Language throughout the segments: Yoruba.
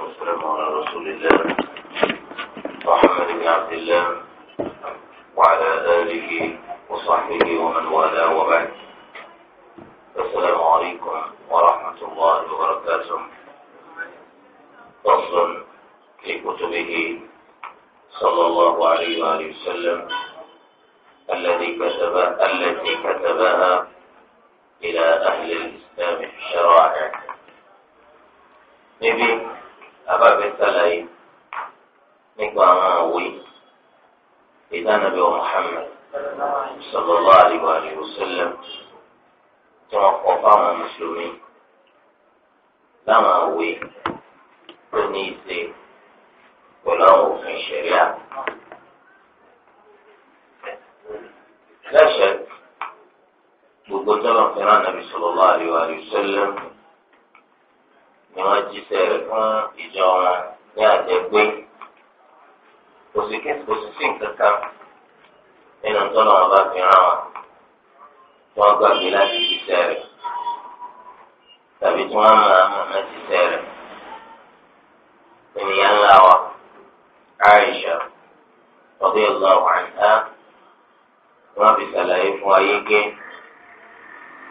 والسلام على رسول الله محمد بن عبد الله وعلى آله وصحبه ومن والاه وبعد السلام عليكم ورحمة الله وبركاته فصل في كتبه صلى الله عليه وآله وسلم الذي كتب التي كتبها إلى أهل الإسلام الشرائع níbi abáfẹ́ sàlàyé nípa àwọn òwe ìdánabẹ́ wa Muhammad sallallahu alaihi wa sallam tí wọ́n kọ́ fáwọn mùsùlùmí láwọn òwe tó ní í ṣe pẹ̀lú àwọn òfin ṣẹ̀ríà. لا شك وقلت لهم كان النبي صلى الله عليه وآله وسلم ni wọ́n jíṣẹ́ rẹ̀ fún ìjọ wọn ní àjẹgbé kò sì kí kò sì sí nǹkan kan nínú tọ́lọ̀ wọn bá fi ràn wọn tí wọ́n gbàgbé láti jíṣẹ́ rẹ̀ tàbí tí wọ́n máa mọ̀ láti jíṣẹ́ ènìyàn ńlá wa Aisha radiyallahu anha wọ́n fi ṣàlàyé fún ayé gé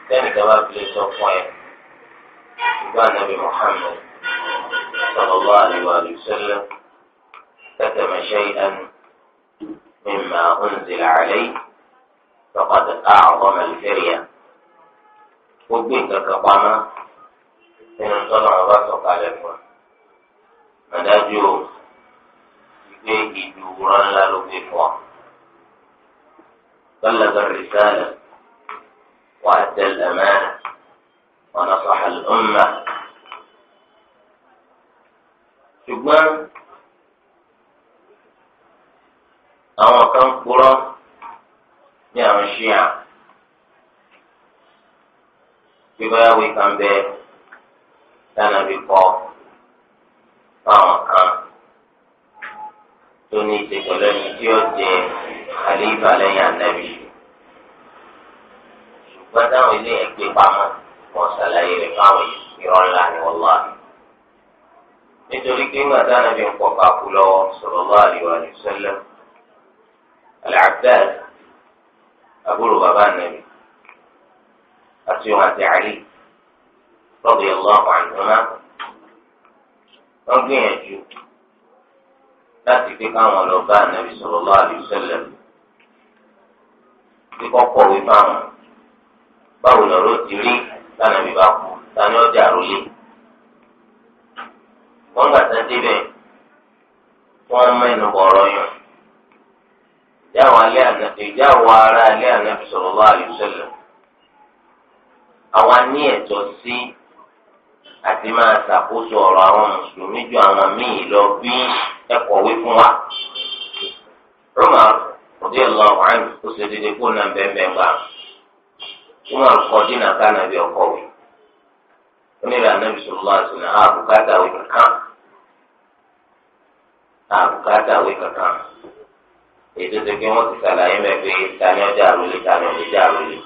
sẹ́nìkan bá fi lè sọ fún ẹ. كان بمحمد صلى الله عليه وآله وسلم كتم شيئا مما أنزل عليه فقد أعظم الفرية وبيك كقامة من صنع راسك على الفن مداجو بيك جورا لا لبيفوا بلغ الرسالة وأدى الأمانة ونصح الأمة ṣùgbọ́n àwọn kan kúrọ́ ní àwọn ṣíà bí bá wí kan bẹ dáná bí kọ́ fáwọn kan tó ní ìṣe pẹ̀lú ẹni tí ó jẹ àlè ìbàlẹ̀ yàn nẹ́bí ṣùgbọ́n táwọn ilé yẹn gbé pamọ́. wọn ṣàlàyé rẹ̀ fáwọn yìí irọ́ ńlá ni wọ́n lọ́wọ́ àná. nítorí pé ńgbà táwọn ẹbí ń pọ̀ káàkú lọ́wọ́ sallallahu alaihi wa sallam Al-Abbas àbúrò anhuma wọ́n gbìyànjú láti pé káwọn lọ bá ànábì sallallahu wa sallam kíkọ́ fáwọn báwo ti rí. táwọn ẹbí bá kú táwọn ọjà àròlé wọn gbà tán débẹ̀ wọn mẹ́nu bọ yàn ìjà alẹ àná ìjà àwọn alẹ àná fi sọ̀rọ̀ lọ àlùsọlẹ àwọn ní ẹ̀tọ́ sí àti máa ṣàkóso ọ̀rọ̀ àwọn mùsùlùmí ju àwọn míì lọ bí fún wa. Rọ́mà ọ̀dẹ́ ọ̀la ṣe kó nà gbà. túmọ̀ nǹkan dínà ká nàbí ọkọ wẹ̀ onírà nàbí sọlọ́ àtúnà àbùkátà wẹ̀ kankan àbùkátà wẹ̀ kankan ètò tó kí wọ́n ti sàlàyé mẹ́fẹ́ tani ọjà àròlé tani ọjà àròlé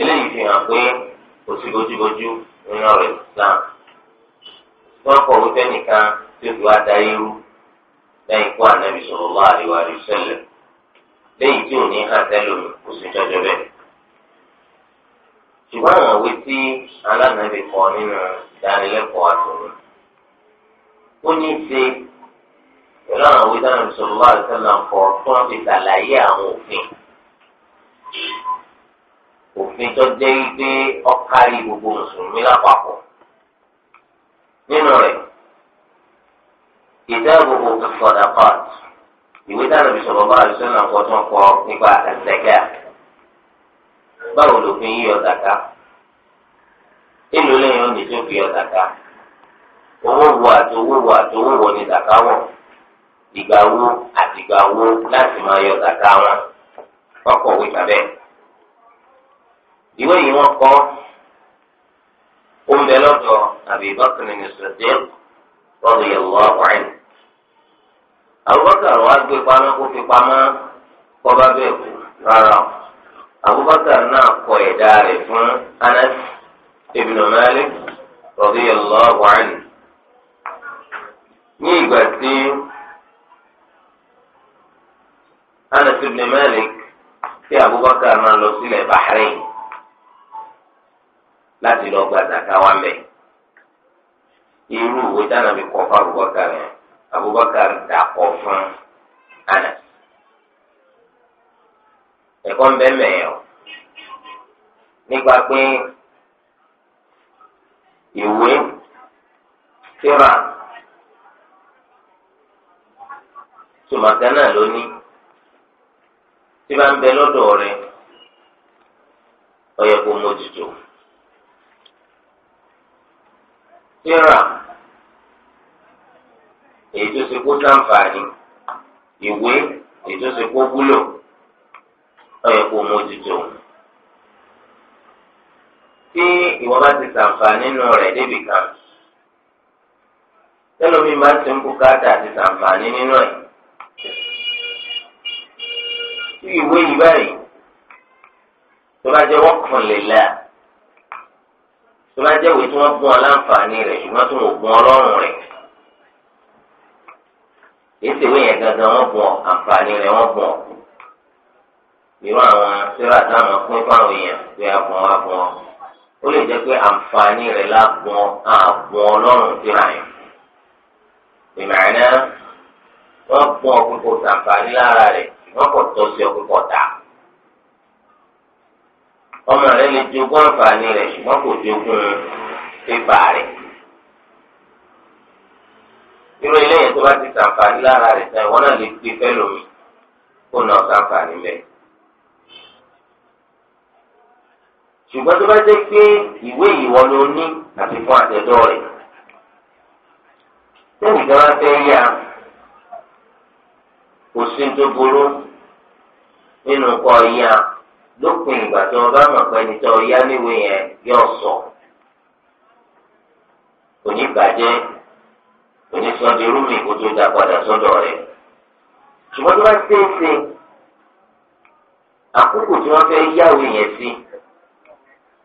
eléyìí fi hàn pé kò bójúbójú nínú ọ̀rọ̀ Islam wọ́n kọ̀ wípé nìkan tí ó wá da irú lẹ́yìn kó ànábì sọ̀rọ̀ wá àríwá rí sẹ́lẹ̀. léyìí tí ò ní hàn sẹ́lómi kò sí jọjọ bẹ́ẹ̀. ṣùgbọ́n àwọn òwe tí alánàbì kọ nínú ìdánilẹ́kọ̀ọ́ àtòun ó ní í ṣe pẹ̀lú àwọn òwe dáná ìṣòro àìsàn kọ tó ń fi ṣàlàyé àwọn òfin. òfin tó jẹ́ pé ó kárí gbogbo mùsùlùmí lápapọ̀ nínú rẹ̀ ìdáàbòbò kẹfọ́dà pàtó ìwé dáná bí sọ̀rọ̀ bá àlùsọ náà kọ́ tó ń kọ́ nípa àtẹ̀gà báwo lòfin yíyọ zaka èlò lẹ́yìn òní tó fi yọ zaka owó wo àti owó wo àti owó wo ni zaka wọ̀ ìgbà wo àti ìgbà wo láti máa yọ zaka wọn wọ́n kọ̀wé tàbẹ́ ìwé yìí wọ́n kọ́ ó ń bẹ lọ́dọ̀ Abi Bakr as-Siddiq radiyallahu anhu. abubakar wa gbé pamọ́ kó fi pamọ́ kọba bẹ́ẹ̀ kú rárá abubakar náà kọ ẹ̀dá rẹ̀ fún anas ibn malik radiyallahu anhu ní ìgbà tí anas ibn malik tí abubakar máa lọ sílẹ̀ bahrain láti lọ gba zaka wa irú ìwé dáná mi kọ abubakar Abubakar dàpọ̀ fún Anas ẹ̀kọ́ ń bẹ mẹ́yẹ̀ o nípa pé ìwé tíra tùmọ̀kánà lóní tí bá ń bẹ lọ́dọ̀ rẹ ó yẹ kó mójútó tíra èyí tó ṣe kó sàǹfààní ìwé èyí tó ṣe kó wúlò ọyọ mójútó tí ìwọ bá ti sàǹfààní nù rẹ débi kan tẹlomi máa ti ń kó káàtà àti sàǹfààní nínú ẹ tí ìwé yìí báyìí tó bá jẹ wọn tó bá jẹ ìwé tí wọn gún ọ láǹfààní rẹ ṣùgbọ́n tó wọn gún ọ lọ́rùn èsì ìwé yẹn gangan wọn bọ àǹfààní rẹ wọn bọ irú àwọn sẹ́rà táwọn pín fáwọn èèyàn pé àbọ̀n àbọ̀n ó lè jẹ́ pé àǹfààní rẹ lábọ̀n àbọ̀n ọlọ́run síra yẹn ìmọ̀ràn wọn bọ̀ ọ̀pẹ̀pọ̀ àǹfààní lára rẹ wọn kò tọ́ sí ọ̀pẹ̀pọ̀ tà ọmọ rẹ lè jogún àǹfààní rẹ ṣùgbọ́n kò jogún pépà rẹ irú eléyìí tó bá ti sàǹfààní lára rẹ̀ tán ìwọ náà lè gbé fẹ́lómi kó nà sàǹfààní mẹ́. ṣùgbọ́n tó bá jẹ́ pé ìwé ìwọ ni o ní àti fún àtẹ̀dọ́ rẹ̀ tẹ́lẹ̀ kan bá fẹ́ yá kò sí tó burú nínú kọ́ yá lópin ìgbà tí wọ́n bá mọ̀ pé ẹni tó yá níwèé yẹn yóò sọ kò ní bàjẹ́ onítọ̀dé rúmi kó tó dá padà sọ́dọ̀ rẹ̀ ṣùgbọ́n tó bá ṣe é ṣe àkókò tí wọ́n fẹ́ yáwó yẹn sí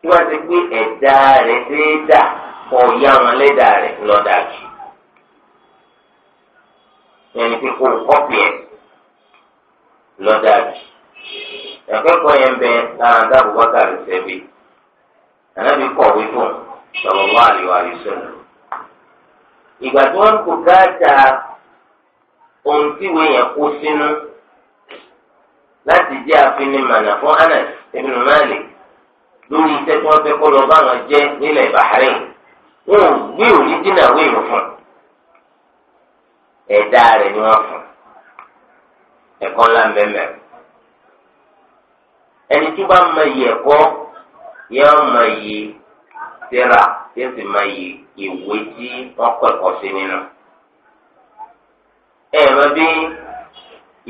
tí wọ́n ti pé ẹ̀dá rẹ̀ ṣe é dà kọ́ ya wọn lẹ́dà rẹ̀ lọ́dà jù ẹni pé kó kọ́pì ẹ̀ lọ́dà jù ẹ̀kẹ́kọ̀ọ́ yẹn bẹ lára dáàbò bọ́tà sẹ́bi ànábi kọ̀wé fún sọ̀rọ̀ wá àlè wà lè sọ̀rọ̀ ìgbà tí wọ́n kò káàtà ohun tí wọ́n yẹn kó sínú láti jẹ́ àfinimànà fún Anas ibn Malik lórí iṣẹ́ tí wọ́n fẹ́ kó lọ báwọn jẹ́ nílẹ̀ Bahrain wọn ò gbé òríjìnà wéèrè fún ẹ̀dá rẹ̀ ni wọ́n fún ẹ̀kọ́ ńlá mbẹ́mbẹ́ ẹni tó bá mọ iye ẹ̀kọ́ mọ iye tẹ́ra yẹn sì mọ iye ìwé tí wọ́n pẹ̀kọ́ sí nínú. ẹ ẹ bí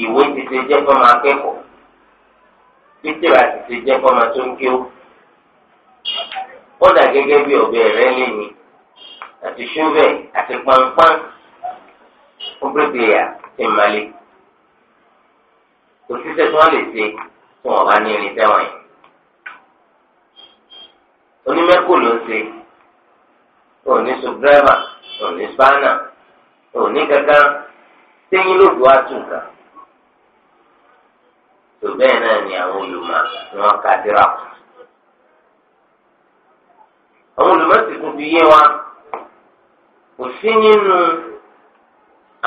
ìwé ti ṣe jẹ́ fọ́mọ akẹ́kọ̀ọ́ títìrà ti ṣe jẹ́ fọ́mọ tó ń kéwò. ó dà gẹ́gẹ́ bí ọ̀bẹ rẹ̀ lẹ́yìn àti ṣúbẹ̀ àti pánpán ọgbẹ́gbẹ̀yà ti malẹ̀. kò sí sẹ́tún wọn lè ṣe fún ọ̀bá ní irinṣẹ́ wọ̀nyí. onímẹ́kò ló ń ṣe òní sùdírẹ́mà òní spánà òní kankan téyín lòdù wá tún kan. tó bẹ́ẹ̀ náà ni àwọn olùmọ̀ ni wọ́n ka dira kù. àwọn olùmọ̀ sì tún fi yé wa kò sí nínú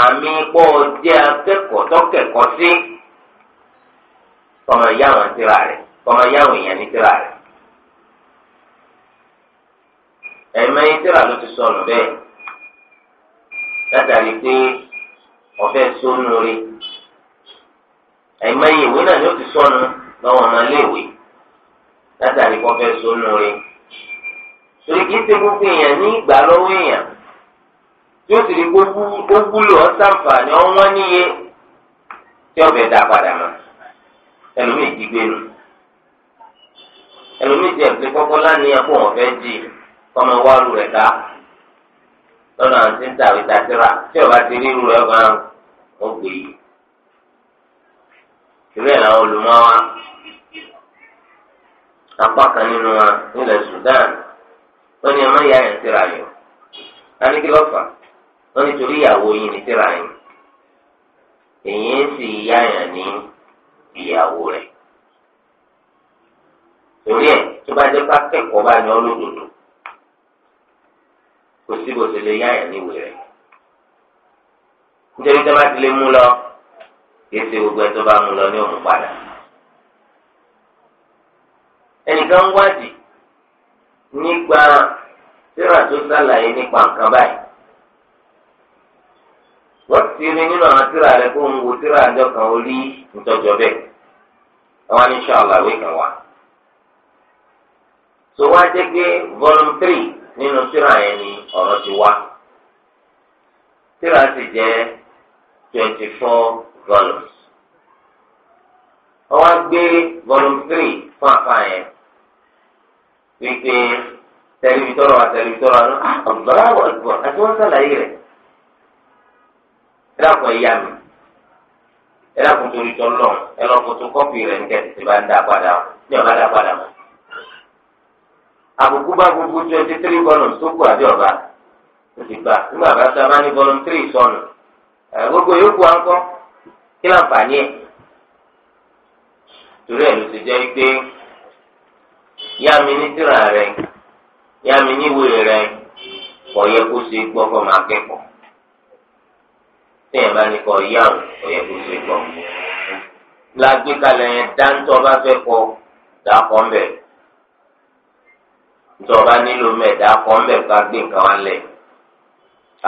àmì pọ̀ jẹ́ akẹ́kọ̀ọ́ tọ́kẹ̀kọ́ sí kọ́mọ yá àwọn tíra rẹ̀ kọ́mọ yá àwọn èèyàn ní tíra rẹ̀. ẹ̀mẹ́yìn tíra ló ti sọnù bẹ́ẹ̀ látàrí pé ọ̀fẹ́ sónú rí ẹ̀mẹ́yìn ìwé náà ló ti lọ́wọ́ látàrí pé ọ̀fẹ́ sónú rí torí kìí ṣe gbogbo èèyàn ní ìgbà lọ́wọ́ èèyàn tí ó sì rí gbogbo wúlò ọ̀sánfààní ọ̀wọ́n níye tí ọ̀fẹ́ dá padà mọ́ kọ́mọ wá lu rẹ̀ ká lọ́nà àti ń tàwé tí ọba ti rí irú rẹ̀ gan ó gbé Sudan wọ́n ní ẹ má yá ẹ̀ na yìí ká ní kí lọ́fà wọ́n nítorí ìyàwó yìí ní tìrà yìí èyí ń sì yá yàn ní ìyàwó rẹ̀ torí ẹ̀ tó kò sí bó ti lè yáyàn ní ìwé nítorí tó bá ti lè mú lọ kìí ṣe gbogbo ẹ tó bá mú lọ ní òun padà ẹnìkan wádìí nígbà tó sàlàyé nípa nǹkan báyìí wọ́n ti rí nínú àwọn síra rẹ kó ń wo síra àjọ kan bẹ́ẹ̀ àwọn kan wà. so wá jẹ́ pé nínú tíra yẹn ni ọ̀rọ̀ ti wá tíra sì jẹ́ twenty four volumes wọ́n gbé volume three fún àfa yẹn wípé tẹlifítọ́rọ̀ wa tẹlifítọ́rọ̀ wa ọ̀gbọ́n àwọn ọ̀gbọ́n àti wọ́n sàlàyé rẹ̀ ẹlẹ́kùn ẹ̀yà mi ẹlẹ́kùn torí tọ́lọ́ ẹlọ́kùn tó kọ́pì rẹ̀ ní kẹ́tì tí bá ń dá padà ní ọ̀bá dá padà mọ́ àbùkù bá gbogbo twenty three column tó kù àbí ọ̀bá ó ti gbà nígbà bá sábà ní column three sọnù gbogbo yòókù à ń kọ́ kí láǹfààní ẹ̀ torí ẹ̀ ló ti jẹ́ pé yá mi ní tírà rẹ̀ yá mi ní ìwé rẹ̀ kò yẹ kó ṣe gbọ́ kó máa kẹ́kọ̀ọ́ tẹ́yìn bá ní kọ́ yá òun kò yẹ kó ṣe gbọ́ la gbé kalẹ̀ yẹn dáńtọ́ bá fẹ́ kọ́ dàkọ́ mbẹ́ ntọ́ba nílò mẹ́ta kọ́ a bẹ̀ ká gbé nǹkan wá lẹ̀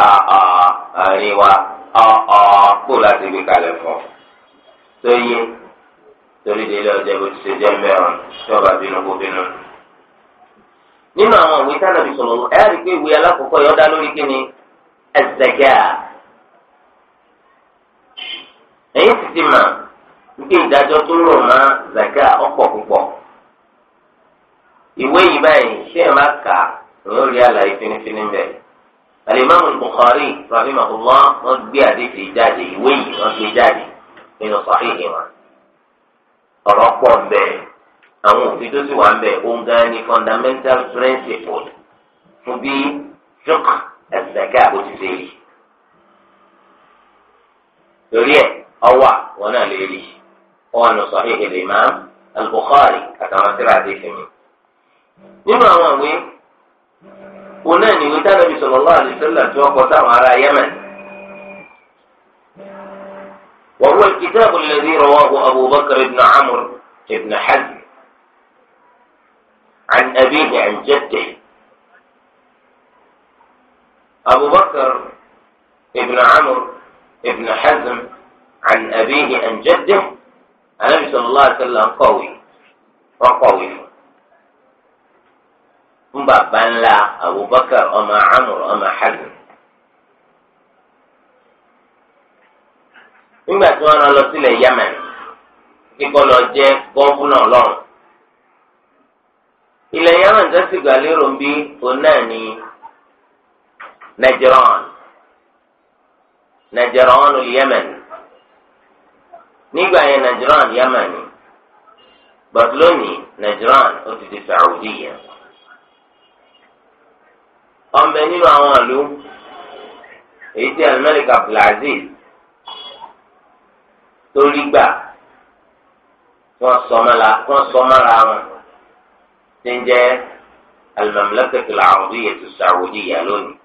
àárín wa kó láti gbé kalẹ̀ ọ. torí délé ọjọ́ bó ti ṣe jẹ́ mẹ́rin tí bínú kó bínú. nínú àwọn a tánàbí sọ̀rọ̀ ẹ̀ rí i pé ìwé alákọ̀ọ́kọ́ yọ dá lórí kíni ẹ̀sẹ̀gà. ẹ̀yìn ti mà wípé ìdájọ́ tó rọ̀ mọ́ zaka ọ̀pọ̀ púpọ̀. ìwé yìí báyìí téèyàn bá kà á èèyàn rí àlàyé finifini bẹ́ẹ̀. alimami bukhari rahimahullah wọn gbé àdéhìí jáde ìwé yìí wọn gbé jáde nínú sàhíhì wọn. ọ̀rọ̀ pọ̀ ń bẹ àwọn òfin tó sì wà ń bẹ òun gan ni fundamental principle fún bí fiqh ẹ̀sìnàkẹ́ àbójú ṣe rí. torí ẹ̀ ọwà wọn náà lè rí sọfí nù sàhíhì al-imam al-bukhari àtàwọn síra àdéhìí mi. nínú àwọn ìwé òun náà ní ìwé tánàbí sallallahu alaihi wasallam tí wọ́n kọ sáwọn ará Yemen. وهو الكتاب الذي رواه أبو بكر بن عمرو بن حزم عن أبيه عن جده أبو بكر بن عمرو بن حزم عن أبيه عن جده النبي صلى الله عليه وسلم قوي وقوي ń banla Abubakar ọmọ Amr ọmọ hajj. nígbà tí wọ́n lọ Yemen kíkọ́ lọ jẹ́ gọ́fúnà lọ́rùn. ilẹ̀ Yemen tó sì gbà lérò ń bí òun náà Yemen nígbà yẹn Najran Yemen gbàtúlónì Najran ó ti di Saudiya. ọmọbẹ nínú àwọn ìlú èyí tí Al-Malik Abdulaziz tó rí gbà wọ́n sọ mọ́ra wọn tí ń jẹ́ Al-Mamlakatul Arabiyyah As-Saudiyyah lónìí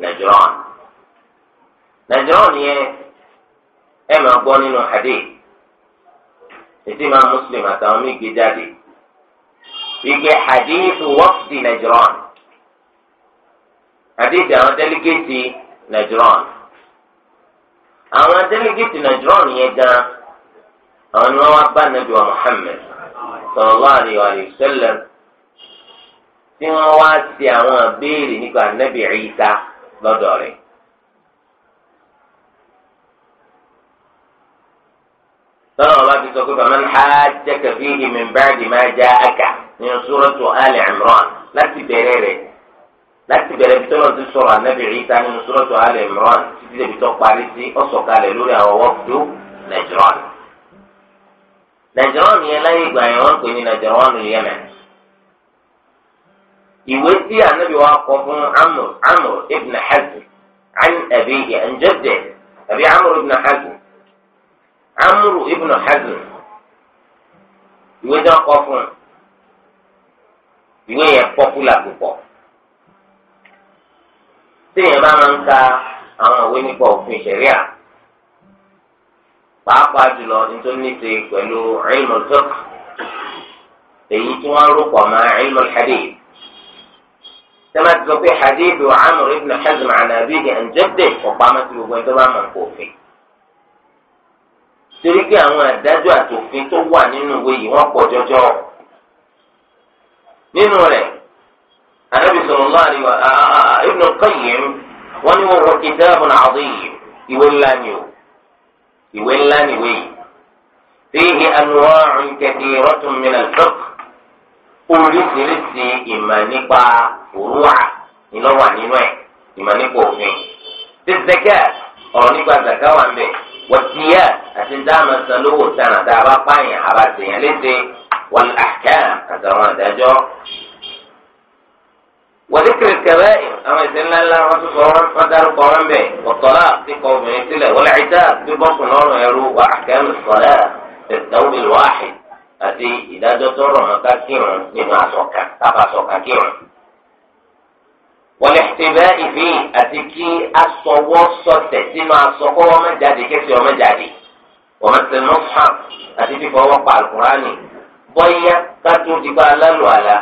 Najran Najran yẹn ẹ máa gbọ́ nínú hadith ètí máa Muslim àtàwọn mí jáde. ike hadith wafdi najran hadith àwọn délégéètì najran àwọn délégéètì najran yẹn gan àwọn ni wọn wá bá nàbí wa muhammed sallallahu alayhi wa sallam tí wọn wá sí àwọn béèrè nípa nàbí Ìsá lọ́dọ̀ rẹ̀. tọ́lá wọn bá ti sọ pé bàmá ń hajjaka fihi min Ali Imran láti bẹ̀rẹ̀ rẹ̀ láti bẹ̀rẹ̀ bí tọ́lá ti sọ̀rọ̀ ànábì Ali Imran títí bito tó parí sí ọ̀sọ̀kalẹ̀ lórí àwọn wọ́pù Najran. Najran yẹn láyé ìgbà yẹn wọ́n pè ní Najran ní Yemen. ìwé tí ànábì wa kọ ibn Hazm amuru ibùnà hazm ìwé tí wọ́n kọ fún un ìwé yẹn pọ́pùlà púpọ̀ tí èèyàn bá máa ń ka àwọn ìwé nípa òfin ìṣẹ̀ríà pàápàá jùlọ nítorí pẹ̀lú ilmul fiqh èyí tí wọ́n rò pọ̀ mọ́ ilmul hadith ibn Hazm an abihi an jaddihi ọ̀pá mẹ́tìrì gbogbo ẹni tó bá torí pé àwọn àdájọ́ àtòfin tó wà nínú ìwé yìí wọ́n pọ̀ jọjọ. nínú rẹ̀ anábì sallallahu alaihi wa Ibn Qayyim wọ́n ní wọ́n wọ kitabun adhim ìwé ńlá ni o ìwé ńlá ni ìwé yìí. fihi anwa'un kathiratun min al-fiqh oríṣiríṣi ìmọ̀ nípa òrùwà ni nínú ẹ̀ ìmọ̀ nípa òfin. ti zakat ọ̀rọ̀ nípa wàkìyà àti dáàmà san lówó tànà tá a bá pààyàn àbá sèyàn léṣe wọn àkà àtàwọn àdájọ́. وذكر الكبائر أما يسألنا الله رسول صورا فدار قوما به والطلاق في قوم يسأله والعتاب في بطن نور يرو وأحكام الصلاة في الثوب الواحد أتي إذا جتر مكاكير مما سوكا تبا سوكاكير wọlẹ́tẹ̀bẹ́ ìfì àti kí asọwọ́ sọtẹ̀ sínú asọkọ́ wọn má jáde kẹsì wọn má jáde wọn má tẹnu hàn àti fífọwọ́ pa àlùkùránì bọ́yá kátó dìgbà alálùwàlà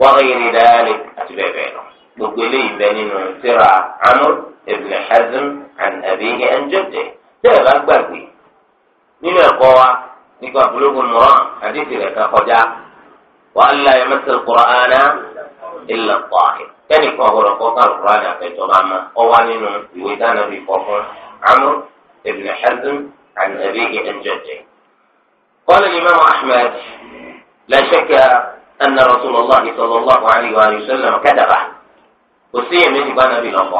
wọ́n yìí dáálẹ̀ àti bẹ́ẹ̀ bẹ́ẹ̀ lọ. gbogbo eléyìí bẹ nínú tíra amú ibn hazm and abiyihi and jọjẹ tẹ bá gbàgbé nínú ẹ̀kọ́ wa nípa bulugul maram àdìsí rẹ̀ kọjá wàhálà yẹn ìlà pààyè kẹ́nìkan ọ̀rọ̀ kọ́ kálukú àdá àfẹ́tọ́ bá ma ọwá nínú ìwé dáná bí kọ́ fún amú ibn hazm عن أبيه عن جده قال الإمام أحمد لا شك أن رسول الله صلى الله عليه وآله وسلم كتبه وسيم من يبان بلفظ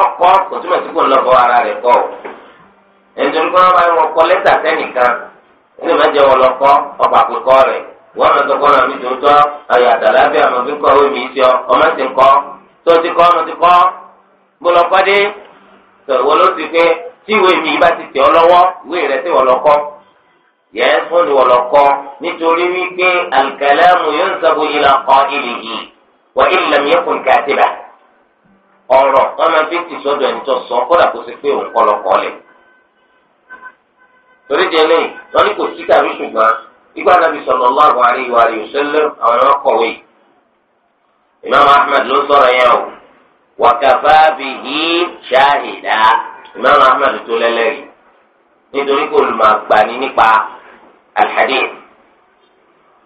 ọkọ kò túmọ̀ sí kò ń lọ́kọ́ ara rẹ̀ kọ́ o nítorí kí kọ́ wọ́n fẹ́ sọ́kọ́ náà mi tó ń tọ́ ayọ̀ àtàlábẹ́ àmọ́ fi ń kọ́ omi ìṣe ọmọ ti ń kọ́ tó ti kọ́ ọmọ ti kọ́ gbọ́lọ́kọ́dé tọ̀wọ́ ló ti pé tí ìwé mi bá ti tẹ̀ ọ́ lọ́wọ́ ìwé rẹ̀ tí wọ́n lọ kọ́ yẹn fún ni wọ́n lọ kọ́ nítorí wípé al-kalamu yunsabu ila qa'ilihi wa illam yakun katiba ọ̀rọ̀ wọn máa fi ti sọ́dọ̀ ẹni tó sọ kódà kó ṣe pé òun kọ́ lọ́kọ́ lẹ̀ torí jẹ́ lẹ́yìn wọn kò sí tàbí ṣùgbọ́n ìgbà nàbì sallallahu alaihi wa alihi wasallam àwọn ọmọ kọ̀wé ìmáàmù ahmed ló sọ̀rọ̀ yẹn o wakafa bihi shahida ìmáàmù ahmed tó lẹ́lẹ́rìí nítorí kò lù máa gbà ní nípa alhadith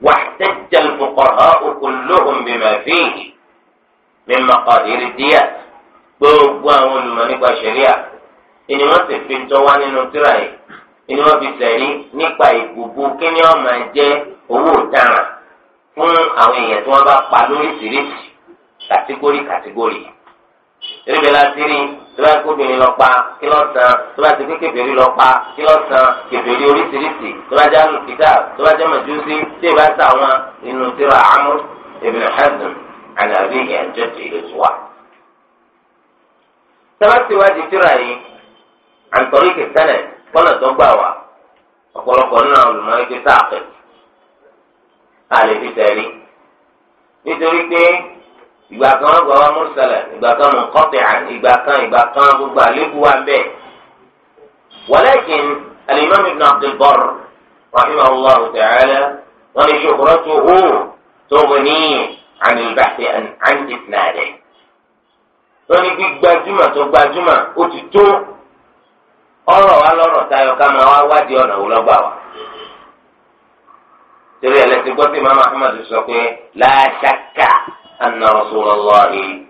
wahtajja alfuqaha'u kulluhum bima fihi min maqadiri diyat gbogbo àwọn olùmọ̀ nípa ṣẹ̀ríà ìní wọ́n fi ń tọ́wá nínú tíra yìí ni wọ́n fi sẹ̀rí nípa ìgbòho kí ni wọ́n máa jẹ́ owó ọ̀daràn fún àwọn èèyàn tí wọ́n bá pa lóríṣiríṣi kàtígórì kàtígórì. erébẹ̀ láti rí tí wọ́n bá kóbìnrin lọ pa kí lọ́ san tí wọ́n bá ti kékeré lọ pa kí lọ́ san kékeré oríṣiríṣi tí wọ́n bá jẹ́ alùpìtà tí wọ́n bá jẹ́ tí ìbá sà wọn nínú tíra Amr ibn Hazm àlàbí ìyànjẹ́ tèlé tó wà. sábà tí wọ́n ti tíra yìí àǹtọ̀rí kẹsàn kọ́nà tó gbà wá ọ̀pọ̀lọpọ̀ náà olùmọ̀ ike tá a pẹ̀ a lè fi tẹ̀lé nítorí pé ìgbà kan wọn gbà wá mùsàlẹ̀ ìgbà kan mọ̀ kọ́tẹ̀ àn ìgbà kan ìgbà kan gbogbo àlékún wa bẹ́ẹ̀ walakin al-imam ibn abdul barr rahimahullahu ta'ala wọn ni shuhratuhu tughni an al-bahth an isnadihi wọn ni gbígbajúmọ̀ tó gbajúmọ̀ ó ti tó. ọ̀rọ̀ wa lọ́rọ̀ tayọ ká máa wá wádìí ọ̀nà wò lọ́gbà wa. torí ẹlẹ́sìn gbọ́sí mama ahmed sọ pé láṣàkà anna rasulallahi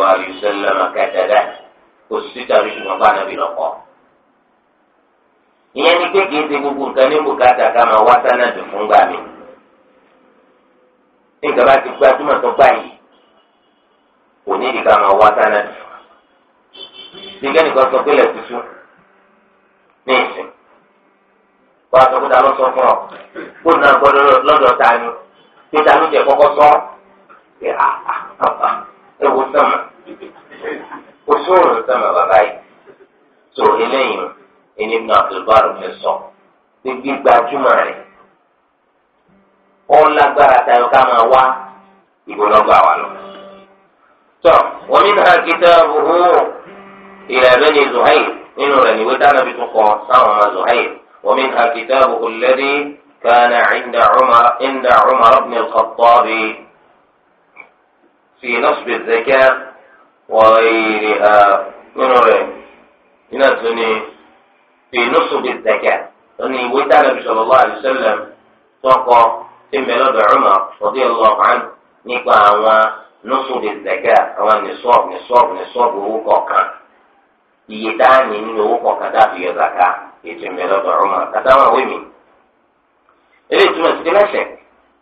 wa sallam kẹtẹdẹ kò sí tàbí ṣùgbọ́n bá nàbí lọ́kọ́. ìyẹn ní gbogbo nǹkan ní bùkátà ká máa wá fún gbà mí. nígbà bá ti tó gbà yìí kò ní ìdí ká máa wá wọ́n aṣọ kó ta lọ sọ fún ọ kó nà gbọ́dọ̀ lọ́dọ̀ ta ni kó ta ló jẹ kọ́kọ́ sọ ẹ àpá ah, ah, ah, ẹ wo sọmọ o sọ̀rọ̀ sọmọ bàbá yìí tó eléyìí ẹni náà tó bá rò fẹ́ sọ gbígbí gbajúmọ̀ rẹ̀ ó lágbára tayọ ká máa wá ìgbónágbà wà lọ. tọ́ wọ́n mi náà kitabuhu ila bani Zuhair nínú rẹ̀ níwé dáná bí tún kọ sáwọn ọmọ Zuhair. ومنها كتابه الذي كان عند عمر عند عمر بن الخطاب في نصب الزكاة وغيرها من رأي في نصب الزكاة أني ويتا النبي صلى الله عليه وسلم توقع تم عمر رضي الله عنه نقع نصب الزكاة أو النصاب نصاب نصاب هو كوكا يتاني من هو كوكا دافي الزكاة ètò ìmẹ̀lọ́dọ̀ ọmọ àtàwọn àwé mi. eléyìí túmọ̀ sí lẹ́sẹ̀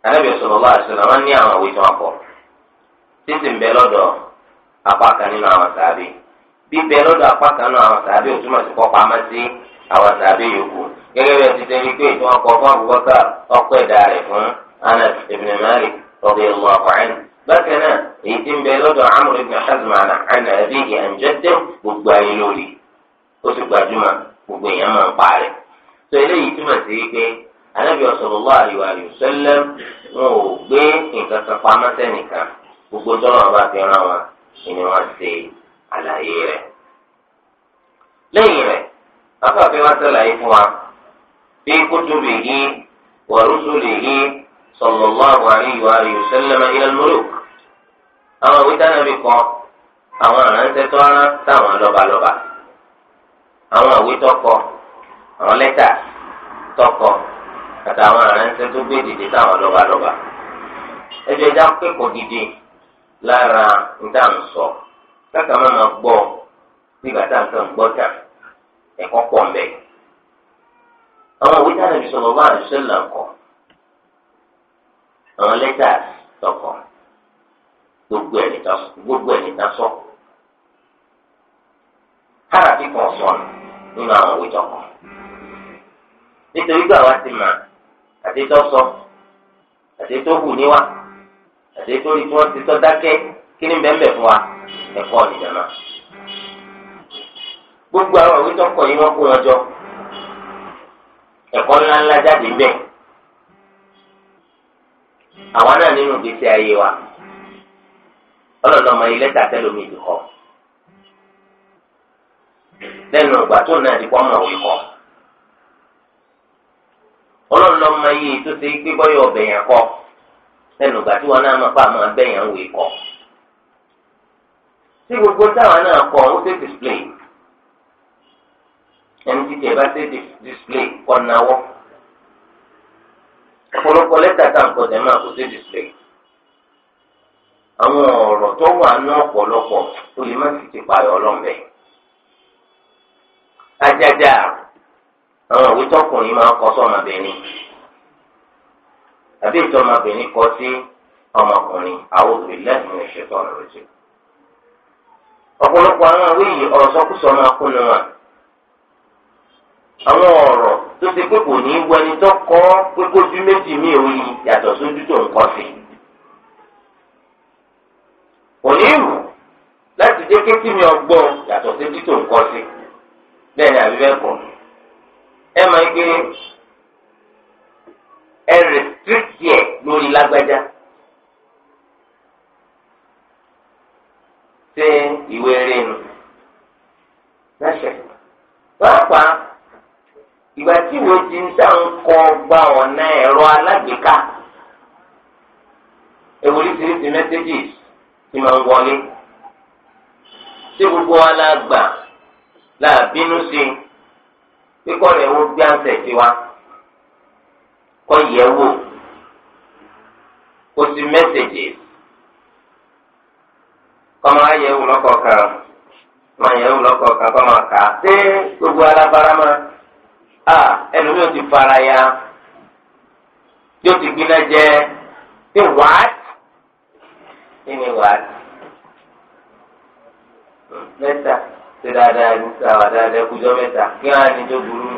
anábì sallallahu alaihi wasallam wọn ní àwọn àwé tí títí ń bẹ lọ́dọ̀ apá kan nínú àwọn sàábì lọ́dọ̀ apá kan nínú àwọn sàábì ò túmọ̀ sí sí àwọn ti pé ọkọ̀ fún Abubakar ọkọ̀ ẹ̀dá rẹ̀ fún Anas ibn Malik radiyallahu gbogbo èèyàn máa ń pa rẹ̀ tó eléyìí túmọ̀ sí pé anábìyà sallallahu alaihi wa sallam wọn ò gbé nǹkan kan pamọ́ sẹ́nìkan gbogbo tọ́lọ́ bá fi ran wọn ni wọ́n ṣe àlàyé rẹ̀ lẹ́yìn rẹ̀ afáfẹ́ wa sàlàyé fún wa bí kutubihi wa rusulihi sallallahu alaihi wa sallam ila al-muluk àwọn òwe dáná mi kọ́ àwọn àránṣẹ́ tó àwọn àwé tọkọ àwọn lẹ́tà tọkọ àtàwọn àrẹ́ńsẹ́ tó gbé dìde táwọn lọ́balọ́ba ẹjọ́ ẹja kẹ́kọ̀ọ́ gidi lára níta ń sọ káka máa ma gbọ́ nígbà tá à ń kàn gbọ́ tà ẹ̀kọ́ pọ̀ mbẹ́. àwọn òwe tá a nàbì sọ̀rọ̀ bá àṣẹ là ń kọ́ àwọn lẹ́tà tọkọ gbogbo ẹ̀ nìta sọ nínú àwọn òwe jọkọ nítorí pé àwa ti mà àti sọ hù níwá àti rí tí ti dákẹ́ kí bẹ́ẹ̀ ẹ̀kọ́ gbogbo àwọn òwe jọkọ yìí wọ́n kó wọn jọ ẹ̀kọ́ ńláńlá jáde ń bẹ náà nínú gbèsè ayé wa ọlọ́dọ̀ ọmọ lẹ́nu ìgbà tó náà ti pọ́nmọ̀ òwe kọ́. ọlọ́run lọ máa yí tó ṣe pé bọ́yọ̀ ọbẹ̀ yẹn kọ́ lẹ́nu ìgbà tí wọn náà máa pa gbogbo táwọn náà kọ ó ṣe display ẹni bá display kọ́ náwọ́. ọ̀pọ̀lọpọ̀ lẹ́tà tá à ń kọ máa display àwọn tó wà ní olè má sì ti Ajaja àwọn òwe tọkùnrin máa kọ àbí kọ sí ọmọkùnrin àwọn òbí lẹ́yìn ìṣẹ̀tọ́ ọ̀rọ̀ jù. ọ̀pọ̀lọpọ̀ àwọn òwe yìí ọ̀rọ̀ sọkúsọ máa kúnnu wọn. àwọn ọ̀rọ̀ tó ti pé kò ní í wọ ẹni tó kọ́ pé kó méjì mí ò yí yàtọ̀ sójú tó ń kọ́ sí. kò ní í wù láti jẹ́ kékeré ọgbọ́n yàtọ̀ ń bẹ́ẹ̀ ni àbí bẹ́ẹ̀ kọ́ ẹ máa ń gbé ẹ rẹsítíríkì ẹ lórí lágbájá ṣé ìwé eré lẹ́sẹ̀ pàápàá ìgbà tí ìwé ti ń sá ń kọ gba ọ̀nà ẹ̀rọ alágbèéká ewúrí ti ní ti mẹ́sẹ́gì ti máa ń wọlé ṣé láà bínú sí i kíkọ́ rẹ̀ wo gbáǹsẹ̀ sí wa kọ́ yẹ̀ wò kó sí mẹ́sẹ̀gì kọ́mọ ayẹ̀ wò lọ́kọ̀ọ̀kan kọ́mọ ayẹ̀ wò lọ́kọ̀ọ̀kan gbogbo alábàárà ma a ẹnu mi ò ti fara ya ti gbiná jẹ ti kí ni ṣe dáadáa ní sáwà dáadáa kújọ mẹ́ta kí wọn á ní burú nù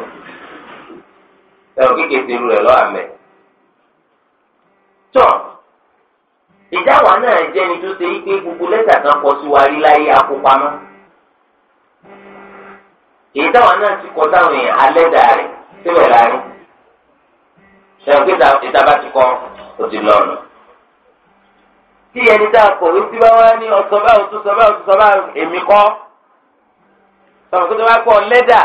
ẹ̀rọ kékeré irú rẹ lọ́wọ́ àmẹ́. tọ́ ìdáwà náà jẹ́ni tó ṣe gbogbo lẹ́tà kan kọ sí wa rí láyé akópamọ́. náà ti kọ sáwọn èèyàn alẹ́ dà rẹ̀ síbẹ̀ láàrin. ẹ̀rọ kékeré ti kọ́ ó ti ẹni tá a kọ̀wé bá wá ní kọ́. tọ́wọ́n kótó wá pọ̀ lẹ́dà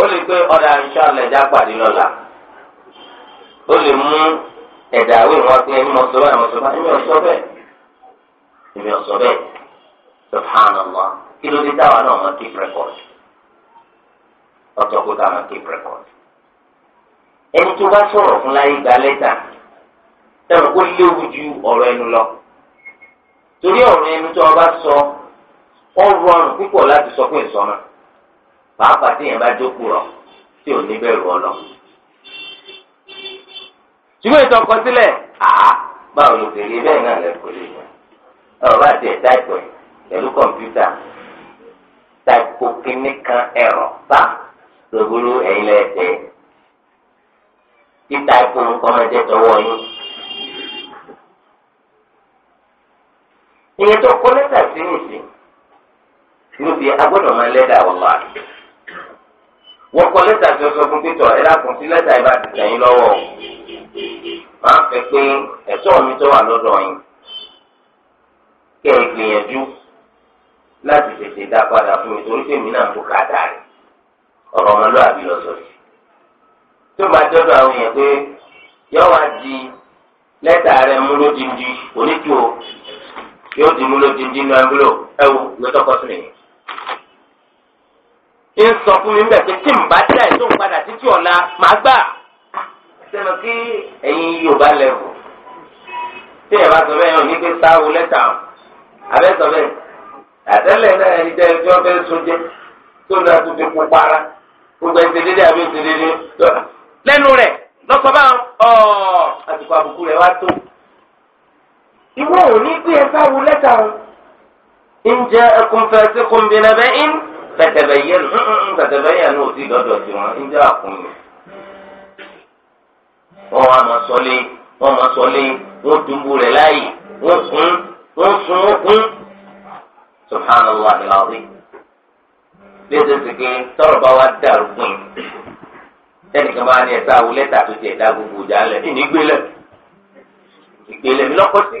ó lè pé ọ̀dà ìṣọ̀lẹ̀ ẹ̀dá pàdé lọ́la ó lè mú ẹ̀dá àwé wọn pé ẹni mọ̀ sọ mọ̀ sọ báyìí mi ò sọ bẹ́ẹ̀ subhanallah kí ló dé táwa náà mọ̀ kíp rẹ́kọ̀d ọ̀tọ̀ mọ̀ kíp rẹ́kọ̀d ẹni tó bá sọ̀rọ̀ fún láyé gba lẹ́tà tẹ̀wọ̀n kó léwu ju ọ̀rọ̀ ẹnu sọ ó rọrùn púpọ̀ láti sọ pé ìsọmọ pàápàá tí yẹn bá jókòó rọ tí ò ní bẹ̀rù ọlọ. ṣùgbọ́n ìtàn kọ sílẹ̀ àá báwo ló ṣe rí bẹ́ẹ̀ náà lẹ́kọ̀ọ́ lè yàn ọ̀rọ̀ bá tiẹ̀ táìpù ẹ̀ pẹ̀lú kọ̀ǹpútà táìpù kínní kan ẹ̀rọ bá lóburú ẹ̀yin lẹ́ẹ̀tẹ̀ títa ẹ̀kọ́ nǹkan máa jẹ́ tọwọ́ yín. ìyẹn tó kọ́ lẹ́tà sí nìsín irúbi agbọ́dọ̀ máa lẹ́dà wọn wá. wọ́n kọ lẹ́tà tí ó sọ fún pétọ̀ ẹ lákùn sí lẹ́tà ẹ bá ti tẹ̀yìn lọ́wọ́ máa fẹ́ pé ẹ̀tọ́ mi tó wà lọ́dọ̀ yín kẹ́ ẹ gbìyànjú láti tètè dá padà fún mi torí pé mi náà tó ká dà rẹ̀ ọ̀rọ̀ ọmọlúwàbí lọ sọ sí. tó máa dọ́dọ̀ àwọn èèyàn pé yọ wá di lẹ́tà rẹ̀ mú lódindi onídùú yóò di mú lódindi nínú ẹnbúlò ẹ wo lọ́tọ́kọ́sí nìyẹn ń sọ fún mi bẹ́ẹ̀ pé tí n bá dá ẹ̀ tó ń padà títí ọ̀la màá gbà. sẹ́nu kí ẹ̀yin yorùbá lẹ́wọ̀ tí ẹ̀ bá sọ bẹ́ẹ̀ yàn ní pé sáwó lẹ́tà abẹ́ sọ bẹ́ẹ̀ àtẹ́lẹ̀ náà ẹni jẹ́ ẹjọ́ bẹ́ẹ̀ sún jẹ́ tó ń dàtú fi kú para gbogbo ẹsẹ̀ dédé àbí ẹsẹ̀ dédé lẹ́nu rẹ̀ lọ́sọ̀ bá ọ̀ àtùkọ̀ àbùkù rẹ̀ wá tó. ìwọ ò ní pé ẹ sáwó lẹ́tà ń jẹ́ ẹkùnfẹ́ sí kùnbìnrin bẹ́ẹ̀ tẹtẹbẹyẹnu tẹtẹbẹyẹnu ò ti dọdọ sí wọn ń jẹ àkúnyẹ wọn wà máa sọlé wọn máa sọlé wọn dùnbù rẹ láàyè wọn kún wọn sun wọn kún tọrọ bá wa dàrú pin ẹnìkan bá ní gbogbo mi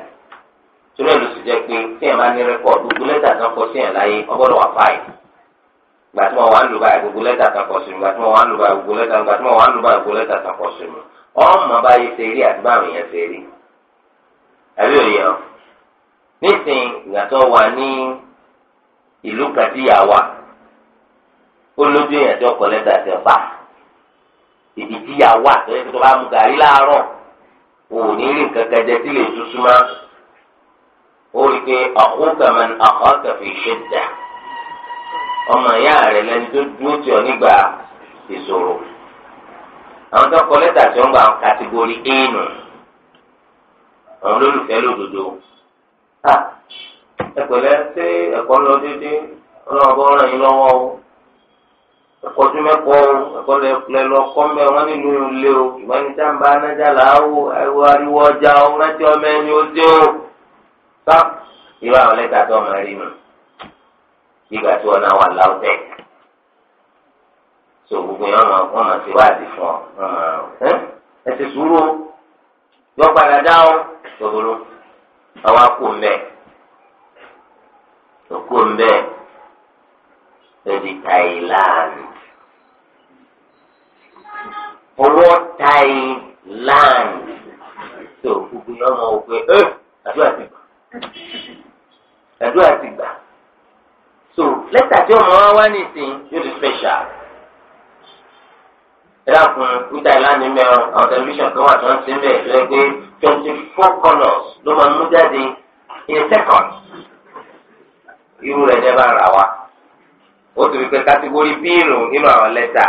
torí ẹ̀ ló sì jẹ́ pé tí ẹ̀ gbogbo leta kan kọ sí ẹ̀ láyé ọgbọ́dọ̀ wà gbogbo leta kan kọ sí mi gbà tí ń báyìí gbogbo lẹ́tà gbà tí wọ́n ń lò báyìí gbogbo kan kọ ọmọ báyìí ṣe rí èèyàn ṣe rí òye ọ nísìnyí wà ní ìlú wa ó lójú èèyàn ti ìdí tíyà ó rí i pé àkókò man àkókò fi ṣe dà ọmọ ìyá rẹ̀ lẹni tó dúró tì ọ́ nígbà ìṣòro àwọn tó kọ lẹ́tà tí wọ́n gba kàtìgórì a nù àwọn olólùfẹ́ lódodo ẹ pẹ̀lẹ́ ṣé ẹ̀kọ́ lọ déédéé ọlọ́run bọ́ ràn yín lọ́wọ́ o ẹ̀kọ́ tún mẹ́kọ́ o ẹ̀kọ́ lẹ lọ kọ́ mẹ́ wọ́n nílùú ilé o ìwọ́n ní sáǹbà anájà làá o ariwo ọjà o rántí ọmọ ẹni ó dé o sọ irú àwọn lẹ́tà tó ọmọ rí mu ìgbà tí wọn náà wà láwùjọ so gbogbo yẹn wọn wọn máa ti wáàdì fún ọ wọn máa ẹ ẹ ti sùúrù yọ padà dáhùn tòbúrú àwọn akó mbẹ òkó mbẹ lórí Thailand owó Thailand so gbogbo yẹn wọn wọ pé ẹ. wá ní ìsìn yóò di special. ẹ dákun ní Thailand mẹ́rin àwọn tẹlifíṣàn kan wà tó ń sin bẹ́ẹ̀ tó yẹ pé twenty four colours ló máa mú jáde in a second. irú rẹ̀ jẹ́ bá ra wa. ó ti rí pé kátígórì bíìlù nínú àwọn lẹ́tà.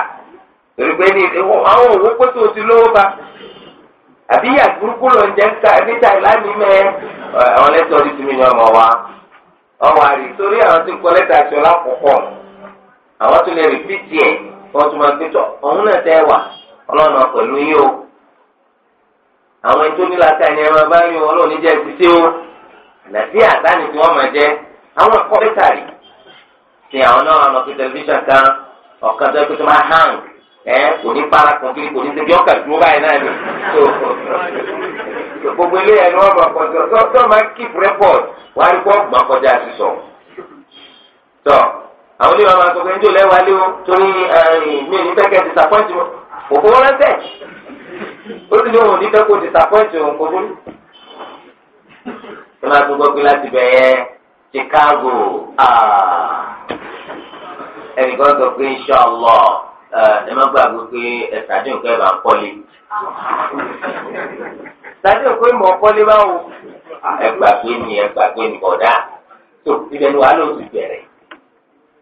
torí pé ní àwọn òwò pé tó ti lówó bá àbí àbúrúkú ló ń jẹ ká ní Thailand mẹ́rin àwọn lẹ́tà orí ti mi ni ọmọ wa. ọmọ àrí torí àwọn tí ń kọ lẹ́tà aṣọ lákòókò àwọn tó lè rìpítì ẹ̀ wọ́n tún máa gbé tọ̀ òun náà tẹ́ wà ọlọ́run pẹ̀lú yín o àwọn ètò nílá ta ẹni ẹran bá yín o ọlọ́run níjẹ́ ti o àlàfí àdáni tí wọ́n máa jẹ àwọn kọ́pítàrì ti àwọn náà wọn pe tẹlifíṣàn kan ọ̀kan tó ẹgbẹ́ tó máa hàn ẹ kò ní para kan kiri kò ní ṣe bí ọkà dúró báyìí náà ni gbogbo eléyà ni wọn máa kọjọ tó tó máa kíp rẹpọt wàá rí àwọn onímọ̀ máa sọ pé lẹ́wà lé o torí eh, mi ò ní fẹ́ kẹ́ ẹ disappoint mi òkú wọn lẹ́sẹ̀ ó sì ní òun ní fẹ́ kó disappoint òun kò dúró. ẹ máa tún gbọ́ pé láti bẹ̀rẹ̀ Chicago ah, ẹnìkan sọ pé inshallah eh, ẹ má gbàgbé pé ẹ̀sàdé òkú ẹ̀ bá ń kọ́lé. ẹ̀sàdé òkú ìmọ̀ kọ́lé báwo. Ah, ẹ gbàgbé ni ẹ gbàgbé ni bọ̀dá tó ibẹ̀ ni wàá lò ó ti bẹ̀rẹ̀.